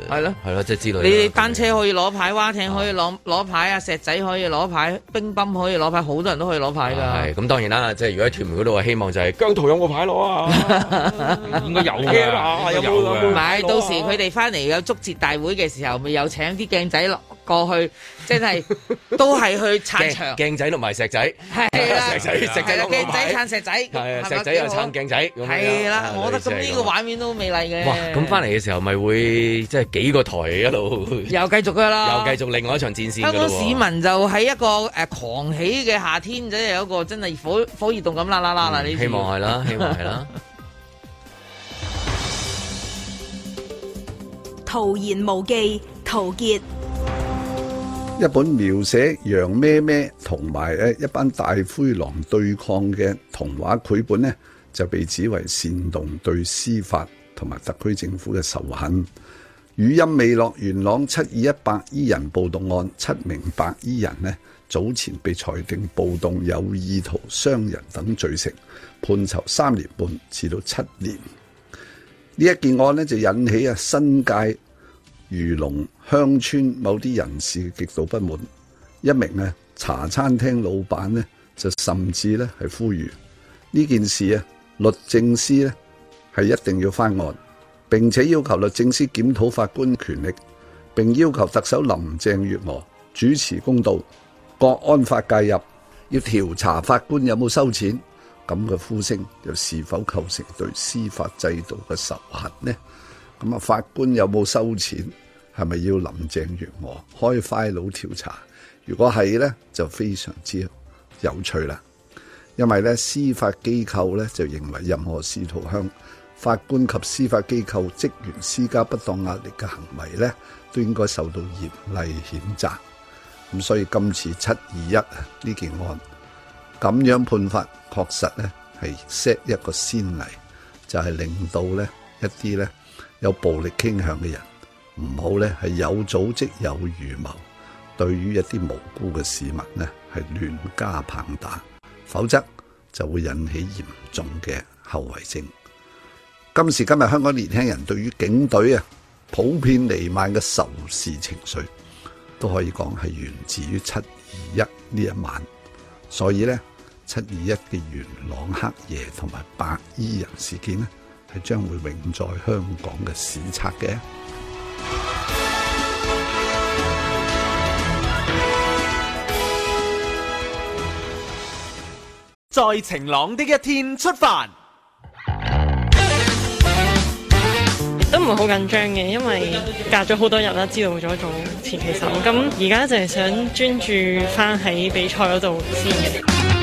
係咯，係咯，即係之類你單車可以攞牌，蛙艇可以攞攞牌啊，石仔可以攞牌，乒乓可以攞牌，好多人都可以攞牌㗎。係咁，當然啦，即係如果喺屯門嗰度，希望就係姜濤有冇牌攞啊？應該有，有嘅。買到時佢哋翻嚟有足。節大會嘅時候，咪有請啲鏡仔落過去，即係都係去撐場。鏡仔碌埋石仔，係啦，石仔，石仔撐鏡仔，撐石仔，係石仔又撐鏡仔，係啦。我覺得咁呢個畫面都美麗嘅。哇！咁翻嚟嘅時候，咪會即係幾個台一路又繼續佢啦，又繼續另外一場戰士。香港市民就喺一個誒狂喜嘅夏天，真係有一個真係火火熱動咁啦啦啦嗱，希望係啦，希望係啦。徒言無忌，陶傑一本描寫羊咩咩同埋誒一班大灰狼對抗嘅童話繪本咧，就被指為煽動對司法同埋特區政府嘅仇恨。語音未落，元朗七二一白衣人暴動案，七名白衣人咧早前被裁定暴動、有意圖傷人等罪成，判囚三年半至到七年。呢一件案呢，就引起啊新界漁農鄉村某啲人士極度不滿，一名啊茶餐廳老闆呢，就甚至呢係呼籲呢件事啊律政司呢，係一定要翻案，並且要求律政司檢討法官權力，並要求特首林鄭月娥主持公道，國安法介入，要調查法官有冇收錢。咁嘅呼聲又是否構成對司法制度嘅仇恨呢？咁啊，法官有冇收錢？係咪要林鄭月娥開快勞調查？如果係呢，就非常之有趣啦。因為咧，司法機構咧就認為任何試圖向法官及司法機構職員施加不當壓力嘅行為咧，都應該受到嚴厲譴責。咁所以今次七二一呢件案咁樣判法。確實咧係 set 一個先例，就係令到咧一啲咧有暴力傾向嘅人唔好咧係有組織有預謀，對於一啲無辜嘅市民呢係亂加棒打，否則就會引起嚴重嘅後遺症。今時今日香港年輕人對於警隊啊普遍彌漫嘅仇視情緒，都可以講係源自於七二一呢一晚，所以咧。七二一嘅元朗黑夜同埋白衣人事件呢，係將會永在香港嘅史冊嘅。在晴朗的一天出發，都唔係好緊張嘅，因為隔咗好多日啦，知道咗做前期手，咁而家就係想專注翻喺比賽嗰度先。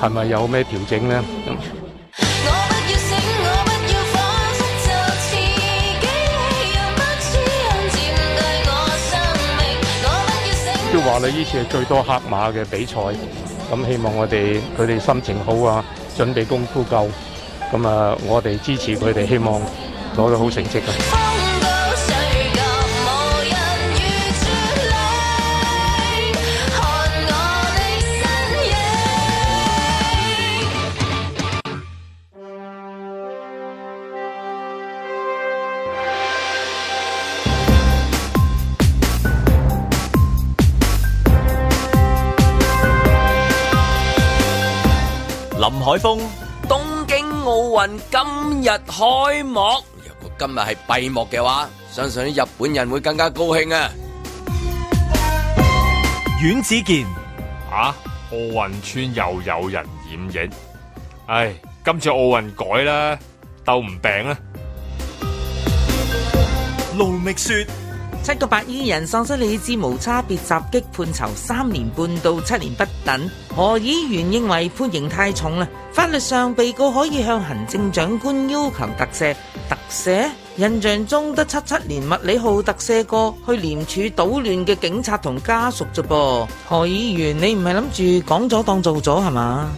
係咪有咩調整呢？都話你呢次係最多黑馬嘅比賽，咁希望我哋，佢哋心情好啊，準備功夫夠，咁啊，我哋支持佢哋，希望攞到好成績啊！林海峰，東京奧運今日開幕。如果今日係閉幕嘅話，相信啲日本人會更加高興啊！阮子健，啊，奧運村又有人染疫，唉，今次奧運改啦，鬥唔病啦。盧覓雪。七個白衣人喪失理智，無差別襲擊判囚三年半到七年不等。何議員認為判刑太重啦，法律上被告可以向行政長官要求特赦,特赦。特赦？印象中得七七年麥理浩特赦過去廉署搗亂嘅警察同家屬啫噃。何議員，你唔係諗住講咗當做咗係嘛？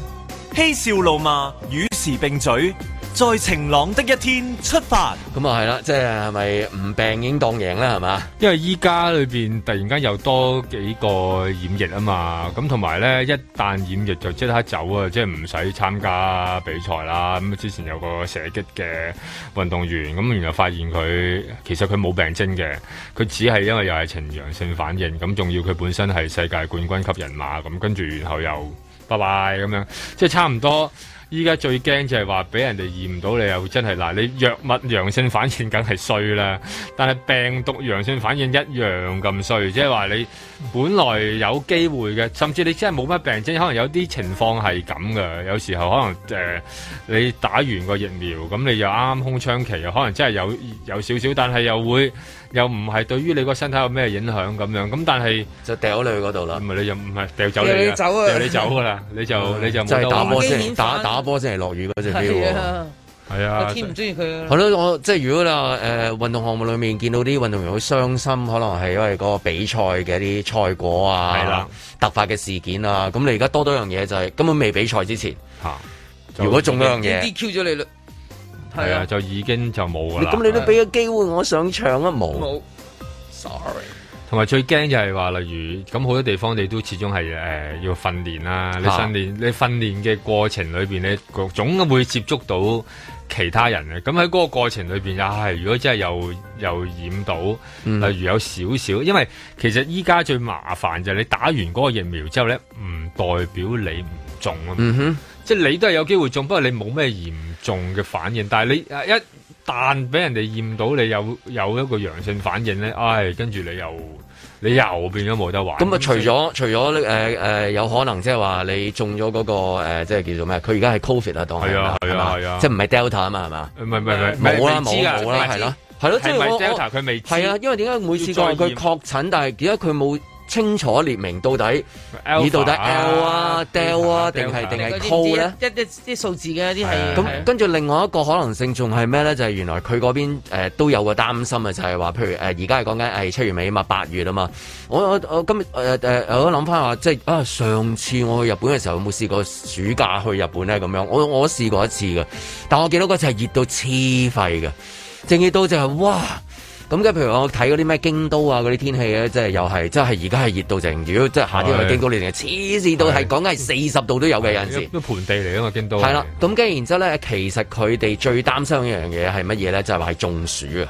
嬉笑怒罵，與時並舉。在晴朗的一天出發，咁啊係啦，即係係咪唔病應當贏啦，係嘛？因為依家裏邊突然間又多幾個染疫啊嘛，咁同埋咧一旦染疫就即刻走啊，即係唔使參加比賽啦。咁之前有個射擊嘅運動員，咁原來發現佢其實佢冇病徵嘅，佢只係因為又係呈陽性反應，咁仲要佢本身係世界冠軍級人馬，咁跟住然後又拜拜咁樣，即係差唔多。依家最驚就係話俾人哋驗唔到你又真係嗱，你藥物陽性反應梗係衰啦，但係病毒陽性反應一樣咁衰，即係話你本來有機會嘅，甚至你真係冇乜病徵，可能有啲情況係咁嘅。有時候可能誒、呃、你打完個疫苗咁，你又啱啱空窗期，又可能真係有有少少，但係又會。又唔係對於你個身體有咩影響咁樣咁，但係就掉你去嗰度啦，唔係你就唔係掉走你走掉你走噶啦，你就你就冇得玩，打打波先係落雨嗰隻表，係啊，啊，天唔中意佢。係咯，我即係如果啦誒，運動項目裏面見到啲運動員好傷心，可能係因為嗰個比賽嘅一啲賽果啊，係啦，突發嘅事件啊，咁你而家多咗樣嘢就係根本未比賽之前，啊、如果中嗰樣嘢。你你係啊，啊就已經就冇噶啦。咁你都俾個機會、啊、我想唱啊，冇。Sorry，同埋最驚就係話，例如咁好多地方你都始終係誒要訓練啦。你訓練，啊、你訓練嘅過程裏邊，你總會接觸到其他人嘅。咁喺嗰個過程裏邊，又係如果真係又又染到，例如有少少。嗯、因為其實依家最麻煩就係你打完嗰個疫苗之後咧，唔代表你唔中啊。嗯、哼。即係你都係有機會中，不過你冇咩嚴重嘅反應。但係你一旦俾人哋驗到你有有一個陽性反應咧，唉，跟住你又你又變咗冇得玩。咁啊，除咗除咗誒誒有可能即係話你中咗嗰個即係叫做咩？佢而家係 Covid 啊，當係啊係啊係啊，即係唔係 Delta 啊嘛係嘛？唔係唔係冇啦冇啦係咯係咯，即係我係啊，因為點解每次佢佢確診，但係點解佢冇？清楚列明到底，而 Alpha, 到底 L 啊、掉、uh, 啊，定係定係 call 呢一啲數字嘅一啲係。咁那、uh, uh, 跟住另外一個可能性仲係咩呢？就係、是、原來佢嗰邊、uh, 都有個擔心啊，就係、是、話，譬如而家係講緊係七月尾啊嘛，八月啊嘛。我我我今日誒、uh, uh, 我諗翻話，即係啊、uh, 上次我去日本嘅時候，有冇試過暑假去日本咧咁樣？我我試過一次嘅，但我記得嗰次係熱到黐肺嘅，正熱到就係、是、哇！咁嘅譬如我睇嗰啲咩京都啊嗰啲天氣咧，即係又係，即係而家係熱到靜。如果即係夏天去京都的你哋，黐線到係講緊係四十度都有嘅有陣時。都盆地嚟啊嘛京都。係啦，咁嘅然之後咧，其實佢哋最擔心一樣嘢係乜嘢咧？就係話係中暑啊！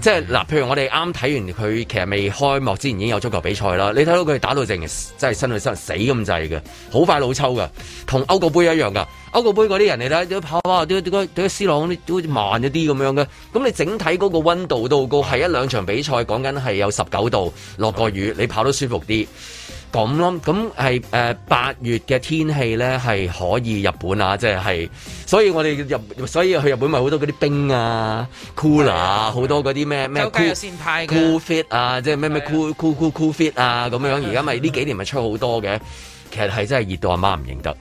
即係嗱，譬如我哋啱睇完佢，其實未開幕之前已經有足球比賽啦。你睇到佢打到成，真係身裏身死咁滯嘅，好快老抽噶，同歐國杯一樣噶。歐國杯嗰啲人嚟睇，點跑啊，點解點解點解斯朗啲好似慢咗啲咁樣嘅。咁你整體嗰個溫度都好高，係一兩場比賽講緊係有十九度，落個雨你跑得舒服啲。咁咯，咁係誒八月嘅天氣咧係可以日本啊，即係係，所以我哋入，所以去日本咪好多嗰啲冰啊，Cooler 啊，好多嗰啲咩咩 Cool Fit 啊，即係咩咩 Cool Cool Cool Cool Fit 啊，咁樣而家咪呢幾年咪出好多嘅，其實係真係熱到阿媽唔認得。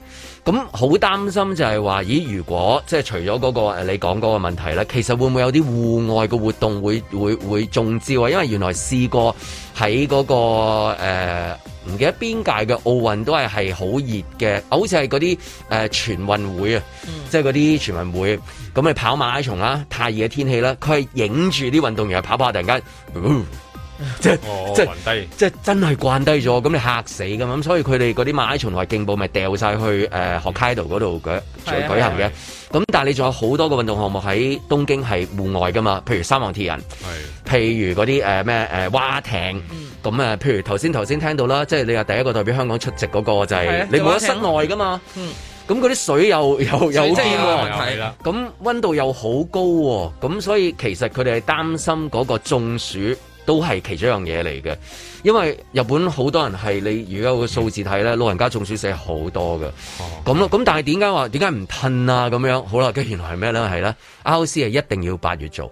咁好擔心就係話，咦？如果即係除咗嗰個誒你講嗰個問題咧，其實會唔會有啲戶外嘅活動會會會中招啊？因為原來試過喺嗰個唔、呃、記得邊屆嘅奧運都係係好熱嘅，好似係嗰啲誒全運會啊，嗯、即係嗰啲全運會，咁、嗯、你跑馬拉松啊，太熱嘅天氣啦、啊，佢係影住啲運動員係跑跑，突然間。嗯即係即係低，即係真係慣低咗，咁你嚇死噶嘛？咁所以佢哋嗰啲馬拉松同埋競步，咪掉晒去誒學 k 嗰度舉舉行嘅。咁但係你仲有好多個運動項目喺東京係戶外噶嘛？譬如三王鐵人，譬如嗰啲誒咩誒劃艇，咁誒譬如頭先頭先聽到啦，即係你話第一個代表香港出席嗰個就係你冇得室外噶嘛？咁嗰啲水又又又即係要耐睇啦。咁溫度又好高，咁所以其實佢哋係擔心嗰個中暑。都係其中一樣嘢嚟嘅，因為日本好多人係你而家個數字睇咧，老人家中暑死好多嘅，咁咯、oh, okay.，咁但係點解話點解唔褪啊？咁樣好啦，咁原來係咩咧？係啦、啊、，R O C 係一定要八月做，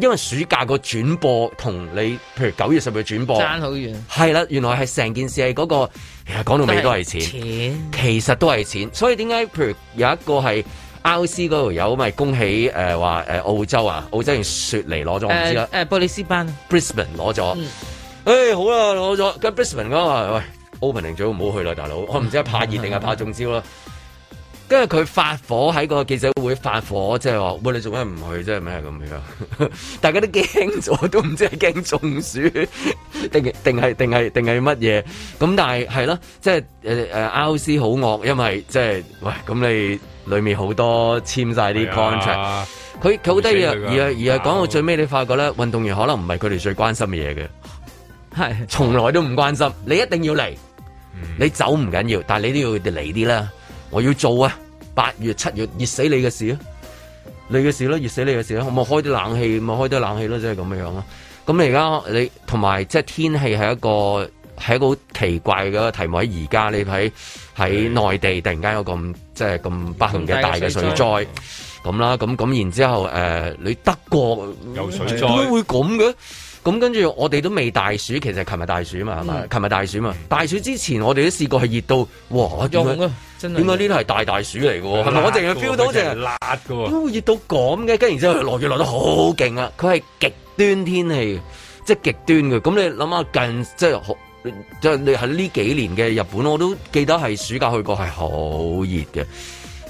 因為暑假個轉播同你譬如九月十月轉播爭好遠係啦，原來係成件事係嗰、那個，講到尾都係錢都錢其實都係錢，所以點解譬如有一個係。澳斯嗰條友咪恭喜，誒話，誒澳洲啊，澳洲用雪梨攞咗，我唔知啦，誒、呃呃、布里斯班 Brisbane 攞咗，誒、嗯欸、好啦攞咗，跟 Brisbane 嗰個喂 Opening 組唔好去啦，大佬我唔知係怕熱定係怕中招啦，跟住佢發火喺個記者會發火，即係話喂你做咩唔去啫咩咁樣、啊？ 大家都驚咗，都唔知係驚中暑 定定係定係定係乜嘢？咁但係係咯，即係誒誒澳斯好惡，因為即係喂咁你。裏面好多簽晒啲 contract，佢佢好得意啊，而係而係講到最尾，你發覺咧，運動員可能唔係佢哋最關心嘅嘢嘅，係從是的 來都唔關心。你一定要嚟，嗯、你走唔緊要，但係你都要嚟啲啦。我要做啊，八月七月熱死你嘅事咯，你嘅事咯，熱死你嘅事咯，我咪開啲冷氣，咪開啲冷氣咯，即係咁樣樣咯。咁你而家你同埋即係天氣係一個係一個好奇怪嘅題目喺而家，你喺。喺內地突然間有咁即係咁不幸嘅大嘅水災咁啦，咁咁、嗯、然之後誒、呃，你德國有水災點解會咁嘅？咁跟住我哋都未大暑，其實琴日大暑啊嘛，係咪、嗯？琴日大暑啊嘛，大暑之前我哋都試過係熱到哇，點解呢度係大大暑嚟㗎？辣是是我淨係 feel 到係辣㗎都點熱到咁嘅？跟然之後落雨落得好勁啊！佢係極端天氣，即係極端嘅。咁你諗下近，近即係好。即係你喺呢幾年嘅日本，我都記得係暑假去過，係好熱嘅，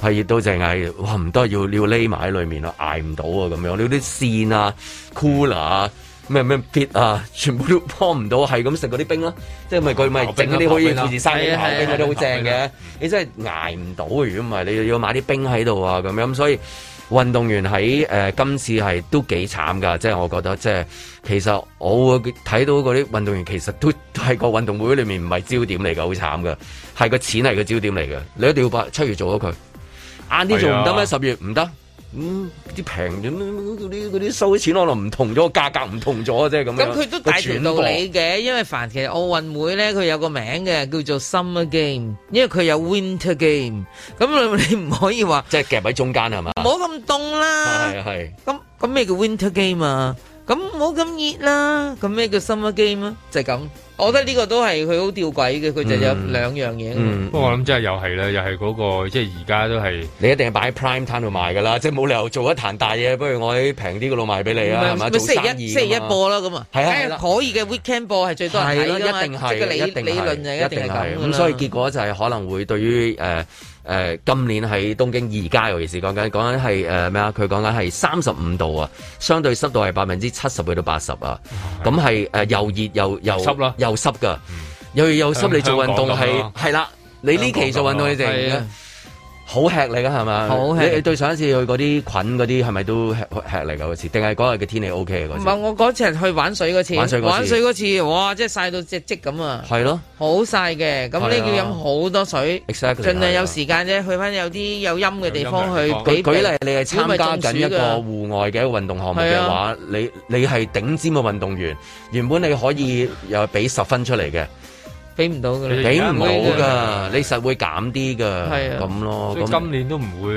係熱到淨係哇唔得，要要匿埋喺裏面咯，挨唔到啊咁樣，你啲扇啊，Cooler 啊，咩咩撇啊，全部都幫唔到，係咁食嗰啲冰咯，啊，哦，即係咪佢咪整啲可以保持生嘅刨冰，啊啊，都好正嘅，啊，你真係挨唔到，如果唔係你要要買啲冰喺度啊咁樣，所以。運動員喺誒、呃、今次係都幾慘㗎，即係我覺得，即係其實我睇到嗰啲運動員其實都係個運動會裏面唔係焦點嚟㗎。好慘㗎，係個錢係個焦點嚟嘅，你一定要八七月做咗佢，晏啲做唔得咩？係、啊、十月唔得。咁啲平咁嗰啲嗰啲收啲錢可能唔同咗，價格唔同咗，即係咁樣。咁佢都大條道理嘅，因為凡其實奧運會咧，佢有個名嘅叫做 Summer Game，因為佢有 Winter Game，咁你唔可以話即係夾喺中間係嘛？唔好咁凍啦，係係。咁咁咩叫 Winter Game 啊？咁唔好咁熱啦，咁咩叫 Summer Game 啊？就係咁。我覺得呢個都係佢好吊詭嘅，佢就有兩樣嘢。不過我諗真係又係啦，又係嗰個即係而家都係你一定係擺 prime time 度賣㗎啦，即係冇理由做一壇大嘢，不如我喺平啲嘅度賣俾你啦，星期一星期一播啦，咁啊，係啊，可以嘅 weekend 播係最多人睇，一定係理理論就一定係咁，所以結果就係可能會對於誒。誒，今年喺東京二階喎，尤其是講緊講緊係誒咩啊？佢講緊係三十五度啊，相對濕度係百分之七十去到八十啊，咁係誒又熱又又濕咯，又濕㗎，又又濕你做運動係係啦，你呢期做運動你哋咧。好吃力㗎係咪？好吃力你。你對上一次去嗰啲菌嗰啲係咪都吃吃力㗎嗰次？定係嗰日嘅天氣 O K 嘅嗰次？唔係我嗰次係去玩水嗰次。玩水嗰次，玩水嗰次，次，哇！即係晒到隻積咁啊！係咯了，好晒嘅。咁你要飲好多水，exactly, 盡量有時間啫。了去翻有啲有陰嘅地方去。方餅舉例，你係參加緊一個戶外嘅一個運動項目嘅話，了你你係頂尖嘅運動員，原本你可以又俾十分出嚟嘅。俾唔到噶，俾唔到噶，你實會減啲噶，係啊，咁咯。今年都唔會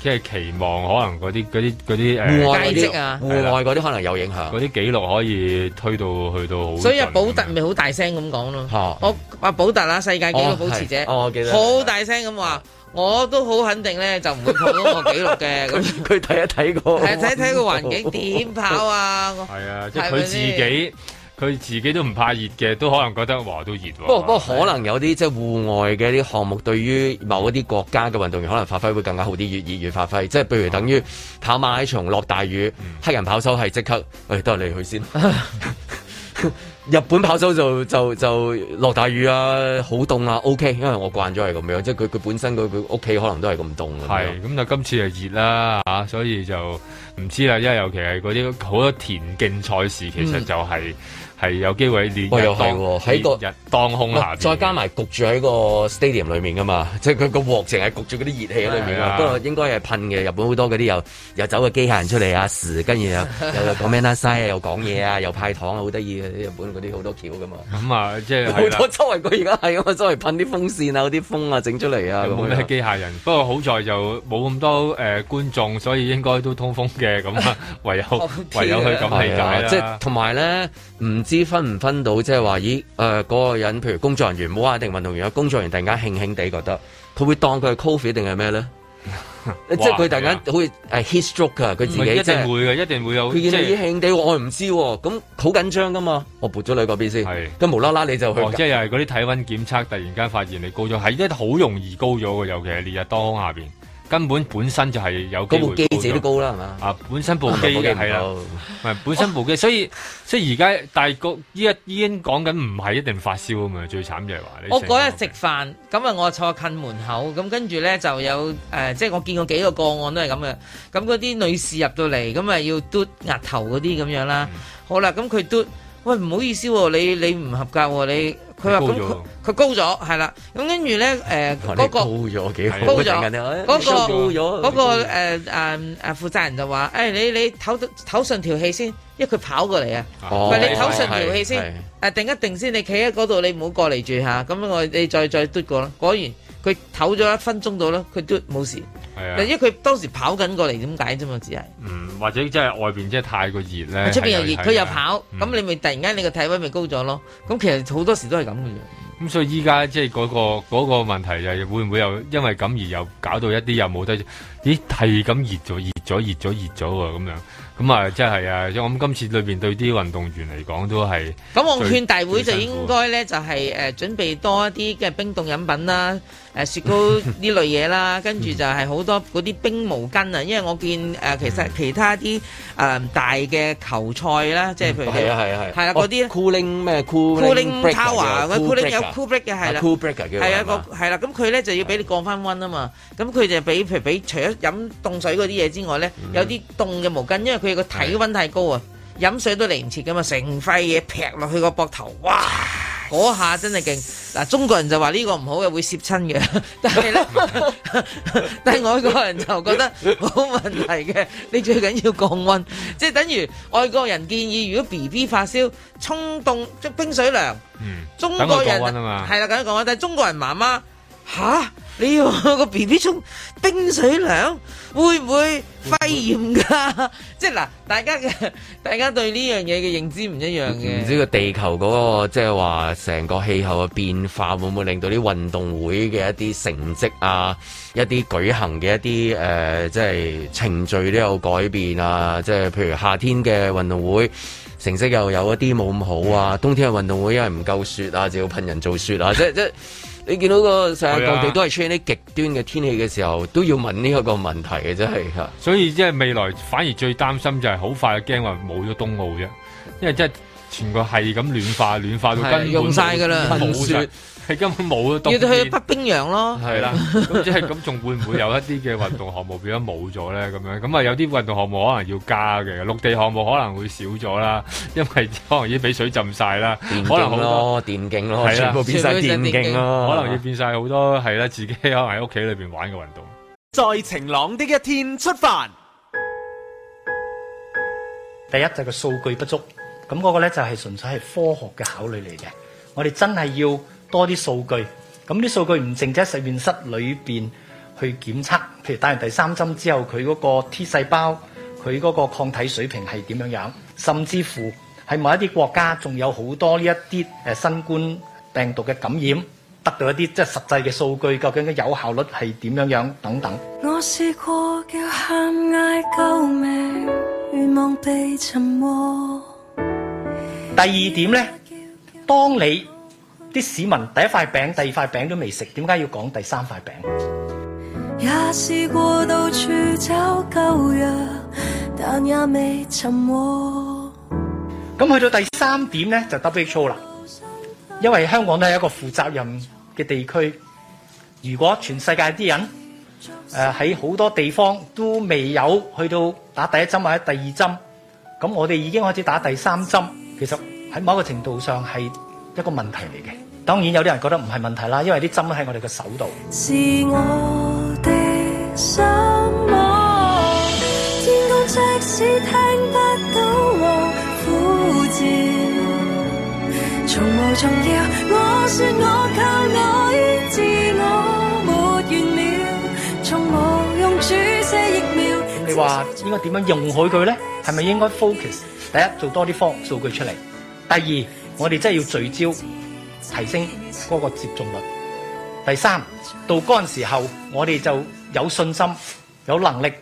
即係期望可能嗰啲嗰啲嗰啲戶外嗰啲啊，戶外嗰啲可能有影響，嗰啲紀錄可以推到去到好。所以阿保特咪好大聲咁講咯。我話保特啦，世界紀錄保持者，好大聲咁話，我都好肯定咧，就唔會破嗰個紀錄嘅。咁佢睇一睇個睇睇個環境點跑啊？係啊，即係佢自己。佢自己都唔怕熱嘅，都可能覺得話都熱，啊不。不過不過，可能有啲是即係戶外嘅啲項目，對於某一啲國家嘅運動員，可能發揮會更加好啲。越熱越發揮，即係譬如等於跑馬拉松落大雨，嗯、黑人跑手係即刻，誒、哎，得你去先。 日本跑手就就就落大雨啊，好凍啊，OK，因為我慣咗係咁樣，即係佢佢本身佢佢屋企可能都係咁凍。係樣，咁但今次就熱啦，啊、所以就唔知啦，因為尤其係嗰啲好多田徑賽事，其實就係，是。嗯係有機會連日當日當空啊，再加埋焗住喺個 stadium 裏面噶嘛，即係佢個鍋淨係焗住嗰啲熱氣喺裏面啊。不過應該係噴嘅，日本好多嗰啲又又走個機械人出嚟啊，跟住又又講咩啦又講嘢啊，又派糖啊，好得意嘅，日本嗰啲好多橋噶嘛。咁啊，即係好多周圍佢而家係啊嘛，周圍噴啲風扇啊，嗰啲風啊整出嚟啊。冇咩機械人，不過好在就冇咁多誒觀眾，所以應該都通風嘅咁啊。唯有唯有佢咁係就係啦。即係同埋咧，唔。知分唔分到即係話，咦？誒，嗰個人，譬如工作人員、好話定運動員，工作人員突然間興興地覺得，佢會當佢係 covid 定係咩咧？即係佢突然間好似係 heat stroke 㗎，佢自己一定會嘅，一定會有。佢見到興興地，我唔知，咁好緊張㗎嘛？我撥咗你嗰邊先，咁無啦啦你就去。哦，即係又係嗰啲體温檢測，突然間發現你高咗，係因為好容易高咗，尤其係烈日當空下邊。根本本身就係有高了部機者都高啦，係嘛？啊，本身部機係啦， 的高，係本身部機， 所以即係而家，大局依家已經講緊唔係一定發燒啊嘛，最慘就係話。你食我嗰日食飯咁啊我坐近門口，咁跟住咧就有誒、呃，即係我見過幾個個案都係咁嘅，咁啲女士入到嚟，咁啊要嘟額頭嗰啲咁樣啦。嗯、好啦，咁佢嘟，喂唔好意思、喎、你你唔合格、喎、你。嗯佢話佢佢高咗，係啦，咁跟住咧，誒，嗰、呃啊那個高咗幾高了，高咗，嗰、那個嗰個誒誒誒，負了、呃啊啊、責人就話，誒、哎，你你唞唞順條氣先，因為佢跑過嚟、哦、啊，佢話你唞順條氣先，誒，定一定先，你企喺嗰度，你唔好過嚟住吓，咁、啊、我你再再嘟過啦，果然佢唞咗一分鐘到啦，佢嘟冇事。係啊、因為佢當時跑緊過嚟，點解啫嘛，只係嗯或者即係外邊即係太過熱咧，出邊又熱，佢又跑，咁、嗯、你咪突然間你個體溫咪高咗咯？咁其實好多時都係咁嘅樣的、嗯。咁所以依家即係嗰個、嗰個問題就係會唔會又因為咁而又搞到一啲又冇得？咦，係咁熱咗，熱咗，熱咗，熱咗啊！咁、即係、樣咁啊，真係啊！我諗今次裏邊對啲運動員嚟講都係咁、嗯，最我勸大會就應該咧就係誒準備多一啲嘅冰凍飲品啦。誒雪糕呢類嘢啦，跟住就係好多嗰啲冰毛巾啊，因為我見誒其實其他啲誒大嘅球賽啦，即係譬如係啊係啊啦嗰啲 cooling 咩 cooling towel 有 c o o l cool break 嘅係啦 cool breaker 嘅係一係啦，咁佢咧就要俾你降翻温啊嘛，咁佢就俾譬如俾除咗飲凍水嗰啲嘢之外咧，有啲凍嘅毛巾，因為佢個體温太高啊。飲水都嚟唔切㗎嘛，成塊嘢劈落去個膊頭，哇！嗰下真係勁嗱，中國人就話呢個唔好嘅，會攝親嘅，但係咧， 但係外國人就覺得冇問題嘅。你最緊要降溫，即係等於外國人建議，如果 B B 發燒，沖凍即冰水涼。嗯，中國人係啦，降溫，但係中國人媽媽吓？你要個 B B 沖冰水涼會唔會肺炎噶？即係嗱，大家嘅，大家對呢樣嘢嘅認知唔一樣嘅。唔知個地球嗰、嗰個即係話成個氣候嘅變化會唔會令到啲運動會嘅一啲成績啊，一啲舉行嘅一啲誒，即、呃、係程序都有改變啊？即係譬如夏天嘅運動會成績又有一啲冇咁好啊，冬天嘅運動會因為唔夠雪啊，就要噴人造雪啊，即係即係。你見到個世界各地都係出現啲極端嘅天氣嘅時候，都要問呢一個問題嘅真係嚇。所以即係未來反而最擔心就係好快就驚話冇咗冬奧啫，因為即係全部係咁暖化，暖化到用晒冇曬㗎啦。暖暖係根本冇得，要去北冰洋咯。係啦，咁即係咁，仲會唔會有一啲嘅運動項目變咗冇咗咧？咁樣咁啊，有啲運動項目可能要加嘅，陸地項目可能會少咗啦，因為可能已經俾水浸晒啦。電競咯，電競咯，全部變晒電競咯，可能要變晒好多係啦，自己可能喺屋企裏邊玩嘅運動。在晴朗的一天出發。第一就係個數據不足，咁嗰個咧就係純粹係科學嘅考慮嚟嘅。我哋真係要。多啲數據，咁啲數據唔淨止喺實驗室裏邊去檢測，譬如打完第三針之後，佢嗰個 T 細胞，佢嗰個抗體水平係點樣樣，甚至乎喺某一啲國家仲有好多呢一啲誒新冠病毒嘅感染得到一啲即係實際嘅數據，究竟嘅有效率係點樣樣等等。我試過叫喊嗌救命，願望被沉沒。第二點咧，當你啲市民第一塊餅、第二塊餅都未食，點解要講第三塊餅？也試過到處找救藥，但也未尋獲。咁去到第三點咧，就 W H O 啦。因為香港都係一個負責任嘅地區。如果全世界啲人呃喺好多地方都未有去到打第一針或者第二針，咁我哋已經開始打第三針。其實喺某一個程度上係。一個問題嚟嘅，當然有啲人覺得唔係問題啦，因為啲針喺我哋嘅手度。是我的心魔，天公即使聽不到我呼召，從無重要。我説我靠我醫自我沒完了，從無用注射疫苗。你話應該點樣容許佢咧？係咪應該 focus？第一做多啲科學數據出嚟，第二。我哋真係要聚焦提升嗰個接種率。第三，到嗰陣時候我哋就有信心、有能力，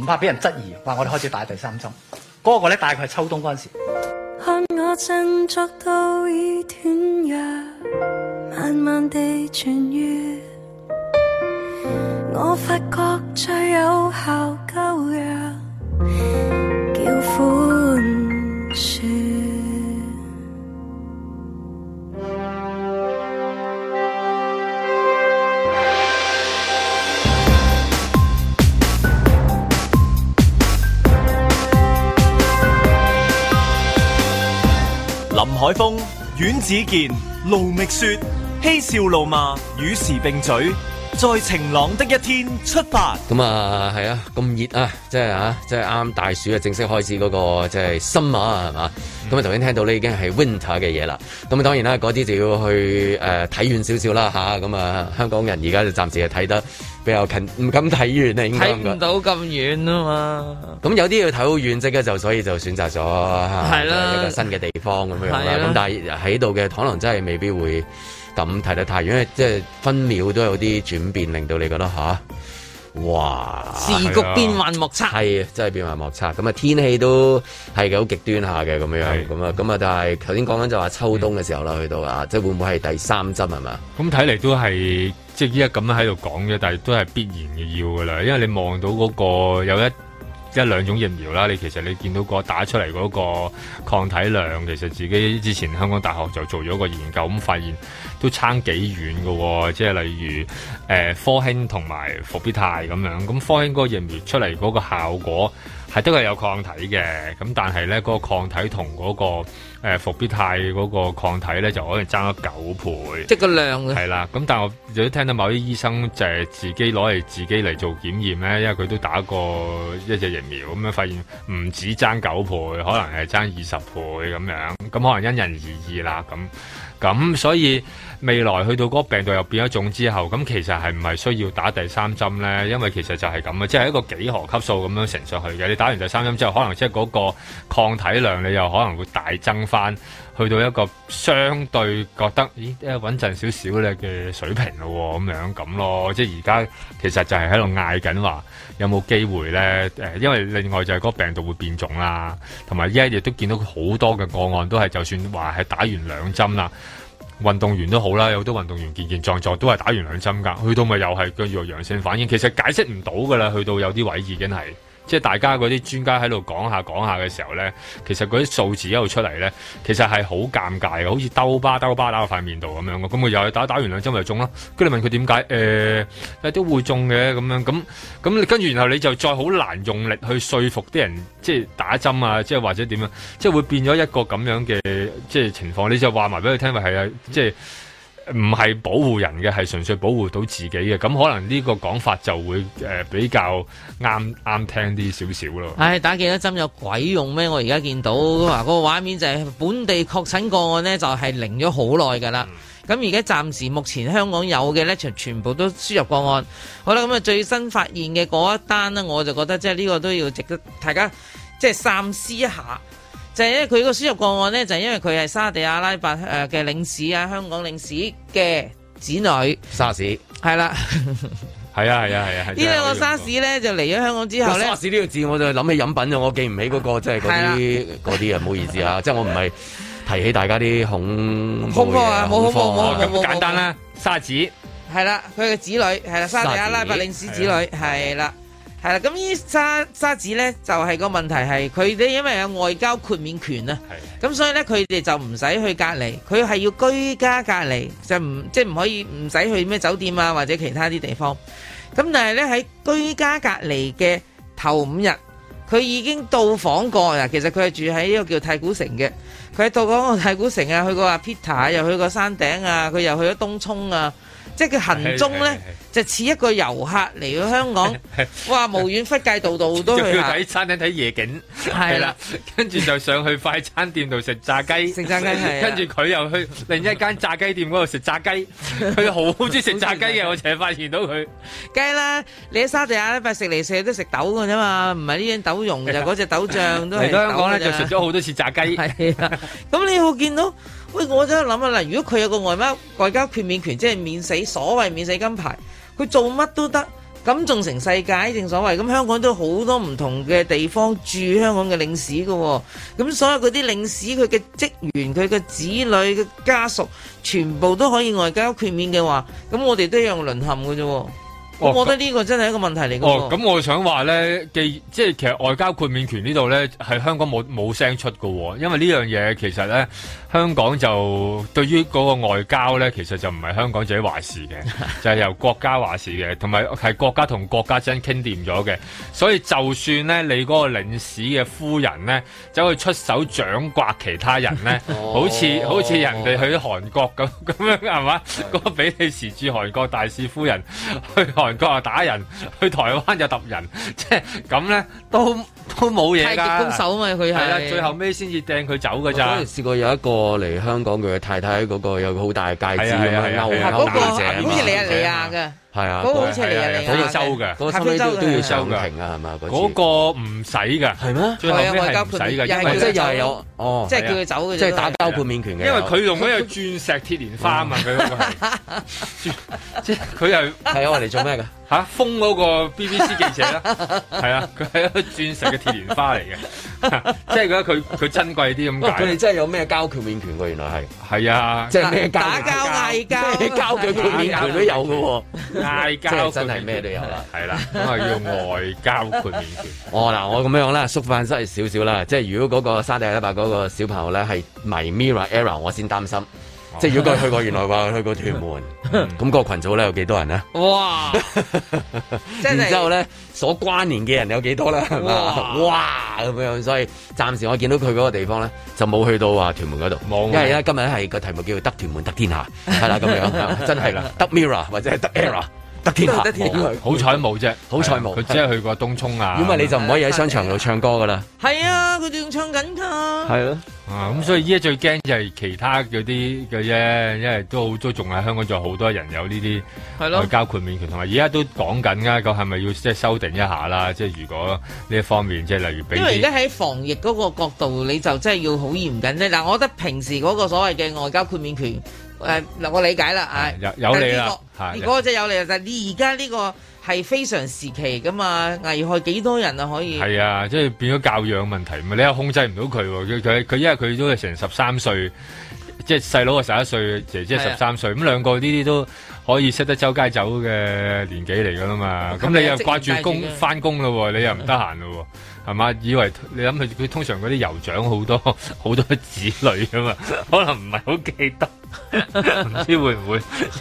唔怕畀人質疑。話我哋開始打第三針，嗰個咧大概係秋冬嗰陣時。看我振作到已斷約，慢慢地痊癒。我發覺最有效救藥。林海峰、阮子健、盧覓雪，嬉笑怒罵，與時並舉。在晴朗的一天出發。咁啊，係啊，咁熱啊，即係啊，即係啱大暑啊，正式開始嗰、嗰個即係 summer、嗯、啊，係嘛。咁啊，頭先聽到呢已經係 winter 嘅嘢啦。咁啊，當然啦，嗰啲就要去誒睇遠少少啦吓。咁、呃啊，嗯、啊，香港人而家就暫時係睇得。比較近，唔敢睇遠，你應該睇唔到咁遠啊嘛。咁有啲要睇好遠，即刻就所以就選擇咗係啦、啊就係、一個新嘅地方咁樣啦。咁的但係喺度嘅可能真係未必會咁睇得太遠，因為即係分秒都有啲轉變，令到你覺得吓。啊哇！時局變幻莫測，係啊，真係變幻莫測。咁啊，天氣都係幾，好極端下嘅咁樣。咁啊是，咁啊，但係頭先講緊就話秋冬嘅時候啦，嗯、去到啊，即係會唔會係第三針係嘛？咁睇嚟都係即係依家咁樣喺度講嘅，但係都係必然嘅要噶啦。因為你望到嗰個有一。一兩種疫苗啦，你其實你見到個打出嚟嗰個抗體量，其實自己之前香港大學就做咗個研究咁，發現都差幾遠㗎喎。即係例如誒、呃、科興同埋復必泰咁樣，咁科興嗰個疫苗出嚟嗰個效果。係都係有抗體嘅，咁但係咧嗰個抗體同嗰個呃伏必泰嗰個抗體咧，就可能爭咗九倍，即個量。係啦，咁但係我有啲聽到某啲醫生就係自己攞嚟自己嚟做檢驗咧，因為佢都打過一隻疫苗咁樣，發現唔止爭九倍，可能係爭二十倍咁樣，咁可能因人而異啦咁。咁所以未來去到嗰個病毒又變咗種之後，咁其實係唔係需要打第三針呢？因為其實就係咁啊，即係一個幾何級數咁樣乘上去嘅。你打完第三針之後，可能即係嗰個抗體量你又可能會大增翻。去到一個相對覺得咦，即係穩陣少少咧嘅水平咯，咁樣咁咯，即係而家其實就係喺度嗌緊話有冇機會呢？誒，因為另外就係嗰個病毒會變種啦，同埋而家亦都見到好多嘅個案都係就算話係打完兩針啦，運動員都好啦，有好多運動員健健壯壯都係打完兩針㗎，去到咪又係跟住個陽陽性反應，其實解釋唔到㗎啦，去到有啲位已經係。即係大家嗰啲專家喺度講下講下嘅時候咧，其實嗰啲數字一路出嚟咧，其實係好尷尬嘅，好似兜巴兜巴打到塊面度咁樣嘅，咁佢又打打完兩針咪中咯，跟住問佢點解？誒、呃，都會中嘅咁樣，咁咁跟住然後你就再好難用力去說服啲人，即係打針啊，即係或者點樣，即係會變咗一個咁樣嘅即係情況，你就話埋俾佢聽，咪係啊，即係。嗯唔係保護人嘅，係純粹保護到自己嘅，咁可能呢個講法就會誒、呃、比較啱啱聽啲少少咯。唉打幾多針有鬼用咩？我而家見到啊、嗰個畫面就係本地確診個案呢，就係、係、零咗好耐㗎啦。咁而家暫時目前香港有嘅呢，全全部都輸入個案。好啦，咁啊最新發現嘅嗰一單呢，我就覺得即係呢個都要值得大家即係三思一下。就係咧，佢個輸入個案咧，就係因為佢係沙地阿拉伯誒嘅領事啊，香港領事嘅子女。沙士係啦，係啊，係啊，係啊。呢兩個沙士咧就嚟咗香港之後咧。沙士呢個字我就諗起飲品咋，我記唔起嗰個即係嗰啲嗰啲啊，唔好意思啊，即係我唔係提起大家啲恐恐怖啊，冇恐怖，冇好簡單啦。沙士係啦，佢嘅子女係啦，沙地阿拉伯領事子女係啦。係啦，咁呢沙沙子咧，就係、是、個問題係佢哋因為有外交豁免權啊，咁的所以咧佢哋就唔使去隔離，佢係要居家隔離，就唔即係唔可以唔使去咩酒店啊，或者其他啲地方。咁但係咧喺居家隔離嘅頭五日，佢已經到訪過啦。其實佢係住喺呢個叫太古城嘅，佢到過個太古城啊，去過阿 Peter，又去過山頂啊，佢又去咗東涌啊，即係佢行蹤咧。就似一個遊客嚟到香港，哇！無遠弗屆，度度都去睇，餐廳睇夜景，係啦、啊啊，跟住就上去快餐店度食炸雞，食炸雞，啊、跟住佢又去另一間炸雞店嗰度食炸雞，佢 好中意食炸雞嘅。我成日發現到佢，梗啦，你喺沙地阿拉伯食嚟食去都食豆嘅啫嘛，唔係呢種豆蓉又嗰隻豆醬，都嚟到香港咧、啊，就食咗好多次炸雞。咁、啊、 你又見到，喂、哎，我真係諗啊嗱，如果佢有個外貓，外交豁免權，即係免死，所謂免死金牌。佢做乜都得，咁仲成世界，正所謂咁。香港都有好多唔同嘅地方駐香港嘅領事喎。咁所有嗰啲領事佢嘅職員、佢嘅子女嘅家屬，全部都可以外交豁免嘅話，咁我哋都一樣淪陷咋啫。我覺得呢個真係一個問題嚟嘅。咁、哦哦、我想話咧，既即係其實外交豁免權呢度咧，係香港冇冇聲出喎。因為呢樣嘢其實咧，香港就對於嗰個外交咧，其實就唔係香港自己話事嘅， 就係由國家話事嘅，同埋係國家同國家之間傾掂咗嘅。所以就算咧，你嗰個領事嘅夫人咧，走去出手掌摑其他人咧，好似 好似人哋去韓國咁咁樣係嘛？個比利時駐韓國大使夫人去韓國打人，去台灣就揼人，即係咁咧，都都冇嘢㗎。太極高手啊嘛，佢係。係啦對，對最後尾先至掟佢走㗎咋。試過有一個嚟香港，佢太太嗰個有個好大嘅戒指咁樣勾勾姐啊嘛。好似你亞你亞嘅。啊看係啊，嗰個收嘅，嗰個都要上庭啊，係嘛？嗰個唔使噶，係咩？最後屘係唔使嘅，即係又係有哦，即係叫佢走嘅啫，即係打交豁免權嘅。因為佢用嗰個鑽石鐵蓮花啊嘛，佢咁係，即係佢係係啊，嚟做咩㗎？嚇封嗰個 BBC 記者啦。係啊，佢係一個鑽石嘅鐵蓮花嚟嘅，即係覺得佢佢珍貴啲咁解。佢哋真係有咩交豁免權嘅，原來係係啊，即係咩交外交嗌交交豁免權都有嘅喎，即係真係咩都有啦，係啦，咁啊要外交豁免權。哦，嗱，我咁樣啦，縮返室係少少啦，即係如果嗰個沙地阿伯嗰個小朋友咧係迷 Mirror Era，我先擔心。 即係如果佢去過，原來話去過屯門，咁、嗯、個群組咧有幾多人咧？哇！ 真是然之後咧，所關聯嘅人有幾多咧？哇！咁樣哇， 所以暫時我見到佢嗰個地方咧，就冇去到話、啊、屯門嗰度，因為咧今日係個題目叫做得屯門得天下，係啦，咁樣 真係啦， 得 Mirror 或者係得 error 得好彩冇啫，好彩冇。佢只係去過東涌啊。咁咪你就唔可以喺商場度唱歌噶啦？係啊，佢仲唱緊㗎。係咯，啊咁，所以依家最驚就係其他嗰啲嘅啫，因為都都仲喺香港仲有好多人有呢啲外交豁免權，同埋而家都講緊啊，個係咪要即係修訂一下啦？即係如果呢一方面，即係例如，因為而家喺防疫嗰個角度，你就真係要好嚴謹啫。嗱，我覺得平時嗰個所謂嘅外交豁免權。誒嗱、呃，我理解啦啊，有有理啦呢、呢個呢真係有理就係你而家呢個係非常時期噶嘛，危害幾多人啊？可以係啊，即係變咗教養問題咪？你又控制唔到佢喎，佢佢因為佢都係成十三歲，即係細佬啊十一歲，姐姐十三歲，咁、啊嗯、兩個呢啲都可以識得周街走嘅年紀嚟噶啦嘛。咁你又掛住工返工咯，你又唔得閒咯。 係嘛？以為你諗佢佢通常嗰啲酋長好多好多子女啊嘛，可能唔係好記得，唔知會唔會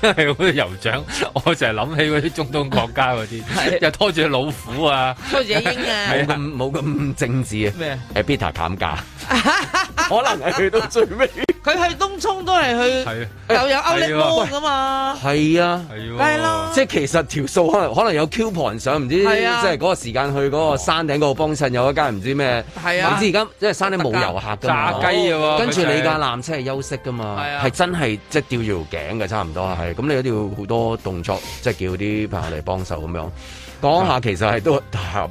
因為嗰啲酋長？我成日諗起嗰啲中東國家嗰啲，又拖住老虎啊，拖住鷹啊，冇咁冇咁正字啊咩？Abita 減價，可能係去到最尾。佢去東涌都係去，又有歐力哥㗎嘛？係啊，係咯，即係其實條數可能可能有 coupon 上，唔知即係嗰個時間去嗰個山頂嗰度幫襯。有一間唔知咩，唔知而家，即係山頂冇遊客㗎炸雞喎，跟住你架纜車係休息㗎嘛，係真係即係吊住條頸嘅差唔多，係咁你一定要好多動作，即係叫啲朋友嚟幫手咁樣講下，其實係都合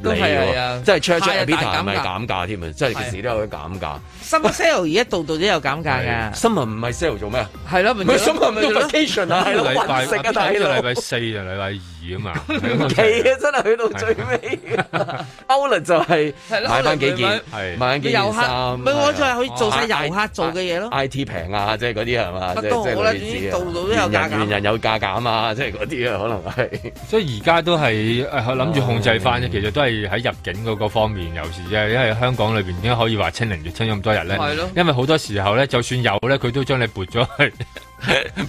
理㗎喎，即係 check check 下邊台減價添啊，即係時都有減價。新聞 sale 而家度度都有減價㗎。新聞唔係 sale 做咩啊？係咯，唔知新聞都 vacation 啊？喺禮拜喺個禮拜四定禮拜二啊嘛。奇啊，真係去到最尾啊！Outlet 就係買翻幾件，買翻幾件衫。唔係我再去做曬遊客做嘅嘢咯。IT 平啊，即係嗰啲係嘛？都好啦，總之度度都有價減。人有價減啊嘛，即係嗰啲啊，可能係。所以而家都係諗住控制翻啫，其實都係喺入境嗰個方面有時即係因為香港裏邊已經可以話清零，越清咗咁多人。係咯，是因為好多時候咧，就算有咧，佢都將你撥咗去。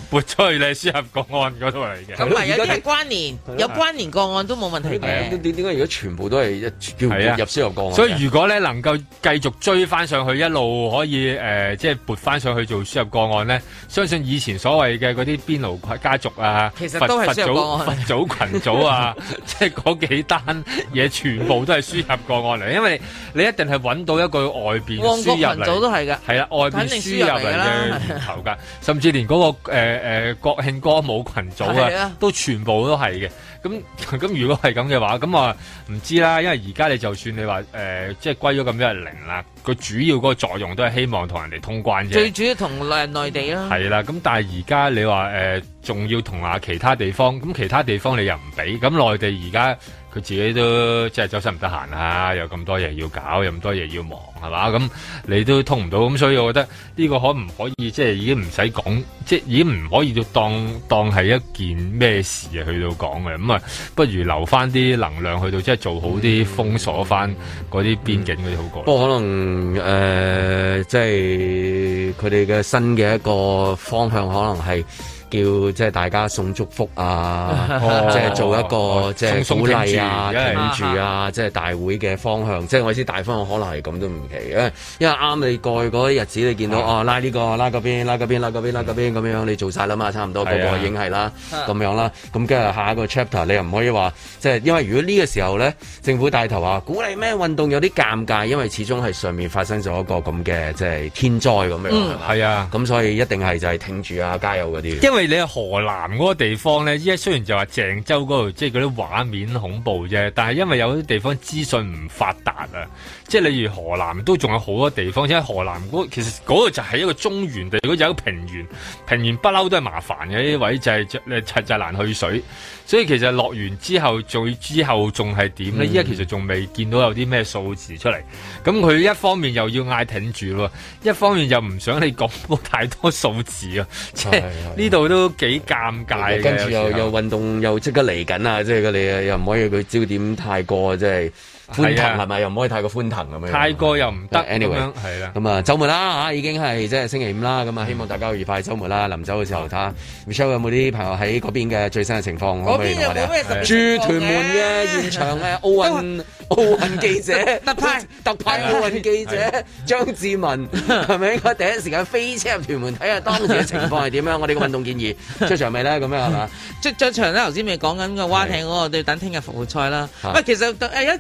撥 出去咧，輸入個案嗰度嚟嘅，咁啊有啲關聯，的有關聯個案都冇問題嘅。咁點點解而家全部都係一叫入輸入個案？所以如果咧能夠繼續追翻上去，一路可以誒，即係撥翻上去做輸入個案咧，相信以前所謂嘅嗰啲邊爐家族啊，其實都係輸入個案佛佛，佛祖群組啊，即係嗰幾單嘢全部都係輸入個案嚟，因為你一定係揾到一個外邊輸入嚟，旺角群組都係嘅，係啦，外邊輸入嚟嘅源頭噶，甚至連嗰、那個。那個誒誒、呃、國慶歌舞群組啊，啊都全部都係嘅。咁咁如果係咁嘅話，咁我唔知啦。因為而家你就算你話誒、呃，即係歸咗咁一零啦，個主要個作用都係希望同人哋通關啫。最主要同內內地啦。係啦、啊，咁但係而家你話誒，仲、呃、要同下其他地方，咁其他地方你又唔俾，咁內地而家。佢自己都即係周身唔得閒啊，有咁多嘢要搞，有咁多嘢要忙，係嘛？咁你都通唔到，咁所以我覺得呢個可唔可以即係已經唔使講，即係已經唔可以要當當係一件咩事啊？去到講嘅，咁啊，不如留翻啲能量去到即係做好啲、嗯、封鎖翻嗰啲邊境嗰啲好過。不過可能誒、呃，即係佢哋嘅新嘅一個方向，可能係。叫即係大家送祝福啊，即係做一個即係鼓勵啊，挺住啊，即係大會嘅方向，即係我意思大方向可能係咁都唔奇，因為啱你過去嗰啲日子，你見到哦拉，呢個拉嗰邊拉嗰邊拉嗰邊拉嗰邊咁樣，你做晒啦嘛，差唔多個個已經係啦，咁樣啦，咁跟住下一個 chapter 你又唔可以話即係，因為如果呢個時候咧政府帶頭啊鼓勵咩運動有啲尷尬，因為始終係上面發生咗一個咁嘅即係天災咁樣係啊，咁所以一定係就係挺住啊加油嗰啲。因為你喺河南嗰個地方咧，依家雖然就話鄭州嗰度即係嗰啲畫面恐怖啫，但係因為有啲地方資訊唔發達啊，即係例如河南都仲有好多地方，即係河南嗰、那個、其實嗰個就係一個中原地，如果有個平原，平原不嬲都係麻煩嘅呢位就係、是、就誒窒窒難去水，所以其實落完之後最之後仲係點咧？依家、嗯、其實仲未見到有啲咩數字出嚟，咁佢一方面又要嗌挺住咯，一方面又唔想你講到太多數字啊，即係呢度。都幾尷尬，跟住又又運動又即刻嚟緊啊！即係你又唔可以佢焦點太過，即係歡騰係咪？又唔可以太過歡騰咁樣。太過又唔得。anyway，係啦。咁啊，週末啦嚇，已經係即係星期五啦。咁啊，希望大家愉快週末啦。臨走嘅時候，睇下 Michelle 有冇啲朋友喺嗰邊嘅最新嘅情況可唔可以同我哋講？住屯門嘅現場嘅奧運。奧運記者 特派特派奧運記者張 志文係咪應該第一時間飛車入屯門睇下當時嘅情況係點樣？我哋嘅運動建議出場未咧？咁 樣係嘛？出出場咧！頭先咪講緊個蛙艇嗰個，我哋要等聽日復活賽啦。喂的，其實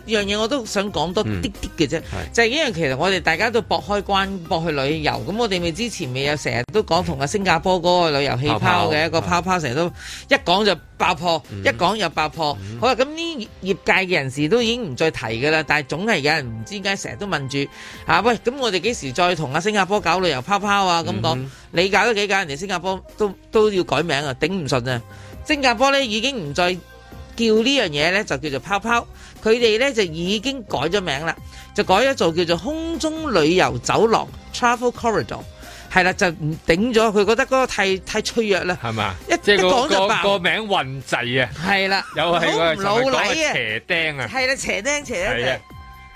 一樣嘢我都想講多啲啲嘅啫，是的就係因為其實我哋大家都博開關、博去旅遊，咁我哋咪之前咪有成日都講同阿新加坡嗰個旅遊氣泡嘅一個泡泡，成日的都一講就爆破，嗯、一講又爆破。嗯、好啦，咁呢業界嘅人士都已經唔再。噶啦，但係總係有人唔知，而解成日都問住啊喂，咁我哋幾時再同阿新加坡搞旅遊泡泡啊？咁講、嗯、哼你搞咗幾人哋，新加坡都都要改名啊！頂唔順啊！新加坡咧已經唔再叫呢樣嘢咧，就叫做泡泡，佢哋咧就已經改咗名啦，就改咗做叫做空中旅遊走廊 （Travel Corridor）。係啦，就唔頂咗，佢覺得嗰個太太脆弱啦。係嘛，一一講就白，個名混滯啊。係啦，又係喎，就去改斜釘啊。係啦，斜釘邪一隻。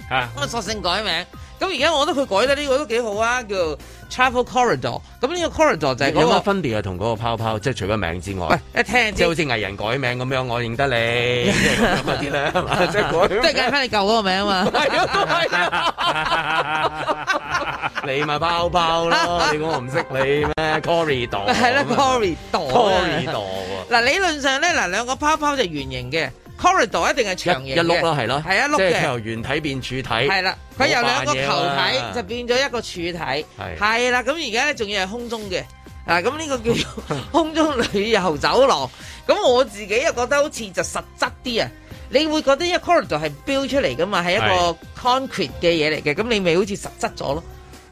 嚇，咁啊索性改名。咁而家我覺得佢改得呢個都幾好啊，叫做。Travel corridor，咁呢個 corridor 就係嗰、嗰個、有乜分別啊？同嗰個泡泡即係除咗名之外，喂，一聽，一聽即係好似藝人改名咁樣，我認得你啲咧， 即係、 就係、改， 即係改翻你舊嗰個名啊嘛，係你咪泡泡咯，你講我唔識你咩？Corridor 係啦 ，corridor，corridor 嗱 理論上咧，嗱兩個泡泡就圓形嘅。Corridor 一定係長形嘅，一碌咯，係咯，係一碌嘅，即係由圓體變柱體。係啦了，佢由兩個球體就變咗一個柱體，係啦的。咁而家咧仲要係空中嘅，的啊，咁呢個叫做空中旅遊走廊。咁 我自己又覺得好似就實質啲啊！你會覺得因為 corridor 係 build 出嚟噶嘛，係一個 concrete 嘅嘢嚟嘅，咁你咪好似實質咗咯。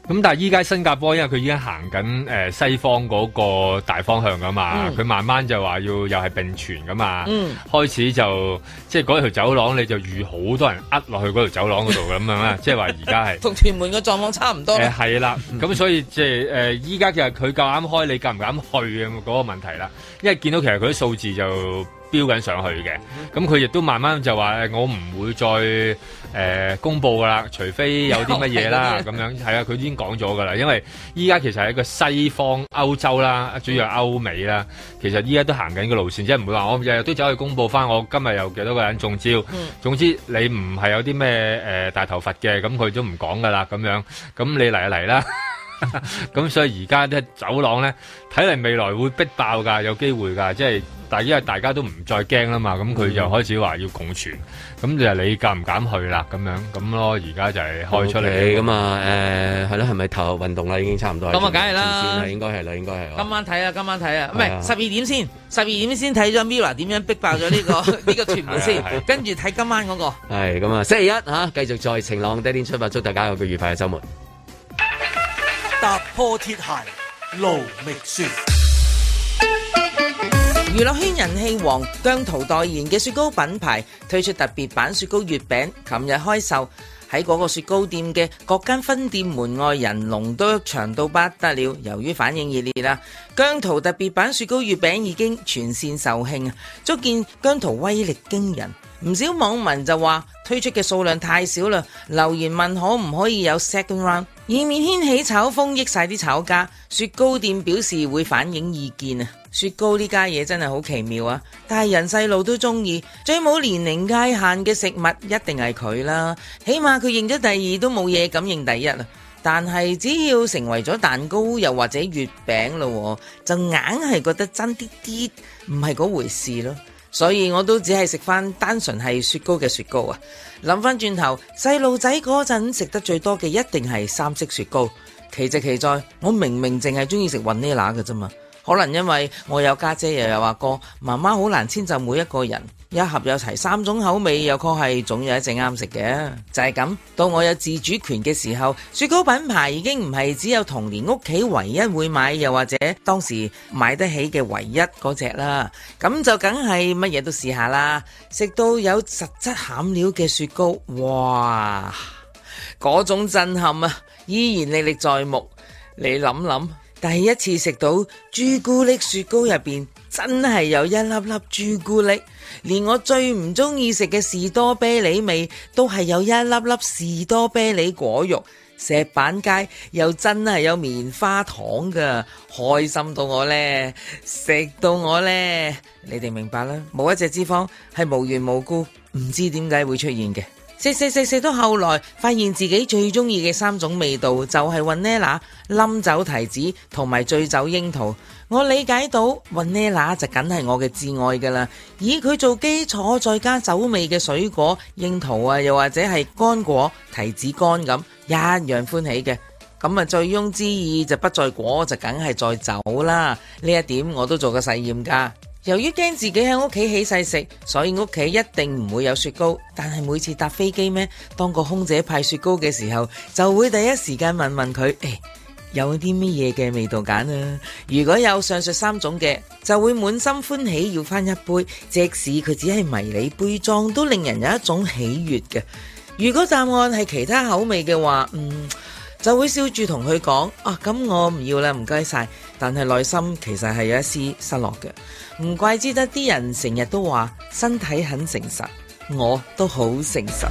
咁但係依家新加坡，因為佢已經行緊誒西方嗰個大方向噶嘛，佢慢慢就話要又係並存噶嘛，嗯、開始就即係嗰條走廊你就預好多人呃落去嗰條走廊嗰度咁樣啦，即係話而家係同屯門嘅狀況差唔多。係係啦，咁所以即係誒依家就佢夠啱開，你夠唔夠啱去咁嗰個問題啦。因為見到其實佢啲數字就。標緊上去嘅，咁佢亦都慢慢就話：我唔會再、呃、公佈噶啦，除非有啲乜嘢啦咁樣。係啊，佢已經講咗噶啦。因為依家其實係一個西方歐洲啦，主要係歐美啦。其實依家都行緊個路線，即係唔會話我日日都走去公佈翻我今日有幾多個人中招。 總之你唔係有啲咩、呃、大頭佛嘅，咁佢都唔講噶啦。咁樣，咁你嚟就嚟啦。咁所以而家啲走廊咧，睇嚟未來會逼爆㗎，有機會㗎，即係。但係因為大家都唔再驚啦嘛，咁佢就開始話要共存，咁就係你敢唔敢去啦咁樣咁咯。而家就係開出嚟咁啊！誒係咯，係、嗯、咪投入運動啦？已經差唔多咁啊，梗係啦，應該係啦，應該係。今晚睇啊，今晚睇啊，唔係十二點先，十二點先睇咗 Mira 點樣逼爆咗呢、這個呢 個傳媒先，跟住睇今晚嗰、那個。係咁啊，啊，星期一嚇、啊、繼續在晴朗的一天出發，祝大家有個愉快嘅周末。踏破鐵鞋路未雪。娛樂圈人氣王姜濤代言嘅雪糕品牌推出特別版雪糕月餅，琴日開售喺嗰個雪糕店嘅各間分店門外人龍都長到不得了。由於反應熱烈啦，姜濤特別版雪糕月餅已經全線售罄，足見姜濤威力驚人。唔少網民就話推出嘅數量太少啦，留言問可唔可以有 second round，以免掀起炒風，益晒啲炒家。雪糕店表示會反映意見啊。雪糕呢家嘢真係好奇妙啊！大人細路都中意，最冇年齡界限嘅食物一定係佢啦。起碼佢認咗第二都冇嘢咁認第一啦。但係只要成為咗蛋糕又或者月餅咯，就硬係覺得爭啲啲唔係嗰回事咯。所以我都只係食翻單純係雪糕嘅雪糕啊！諗翻轉頭細路仔嗰陣食得最多嘅一定係三色雪糕。奇跡奇在，我明明淨係中意食雲呢拿嘅啫嘛。可能因為我有家姐又有阿哥，媽媽好難遷就每一個人。一盒有齊三種口味，又確係總有一隻啱食嘅。就係咁，到我有自主權嘅時候，雪糕品牌已經唔係只有童年屋企唯一會買，又或者當時買得起嘅唯一嗰隻啦。咁就梗係乜嘢都試下啦。食到有實質餡料嘅雪糕，哇！嗰種震撼啊，依然歷歷在目。你諗諗？第一次食到朱古力雪糕入邊真係有一粒粒朱古力，連我最唔中意食嘅士多啤梨味都係有一粒粒士多啤梨果肉，石板街又真係有棉花糖噶，開心到我咧，食到我咧，你哋明白啦，冇一隻脂肪係無緣無故，唔知點解會出現嘅。食食食食到後來，發現自己最中意嘅三種味道就係雲呢拿、冧酒提子同埋醉酒櫻桃。我理解到雲呢拿就梗係我嘅至愛噶啦，以佢做基礎，再加酒味嘅水果櫻桃啊，又或者係乾果提子乾咁一樣歡喜嘅。咁啊，醉翁之意就不在果，就梗係在酒啦。呢一點我都做過實驗噶。由於驚自己喺屋企起勢食，所以屋企一定唔會有雪糕。但係每次搭飛機咩，當個空姐派雪糕嘅時候，就會第一時間問問佢：誒，有啲咩嘢嘅味道揀啊？如果有上述三種嘅，就會滿心歡喜要翻一杯，即使佢只係迷你杯裝，都令人有一種喜悅嘅。如果答案係其他口味嘅話，嗯，就會笑住同佢講：啊，咁我唔要啦，唔該晒。但係內心其實係有一絲失落嘅。唔怪之得，啲人成日都話身體很誠實，我都好誠實。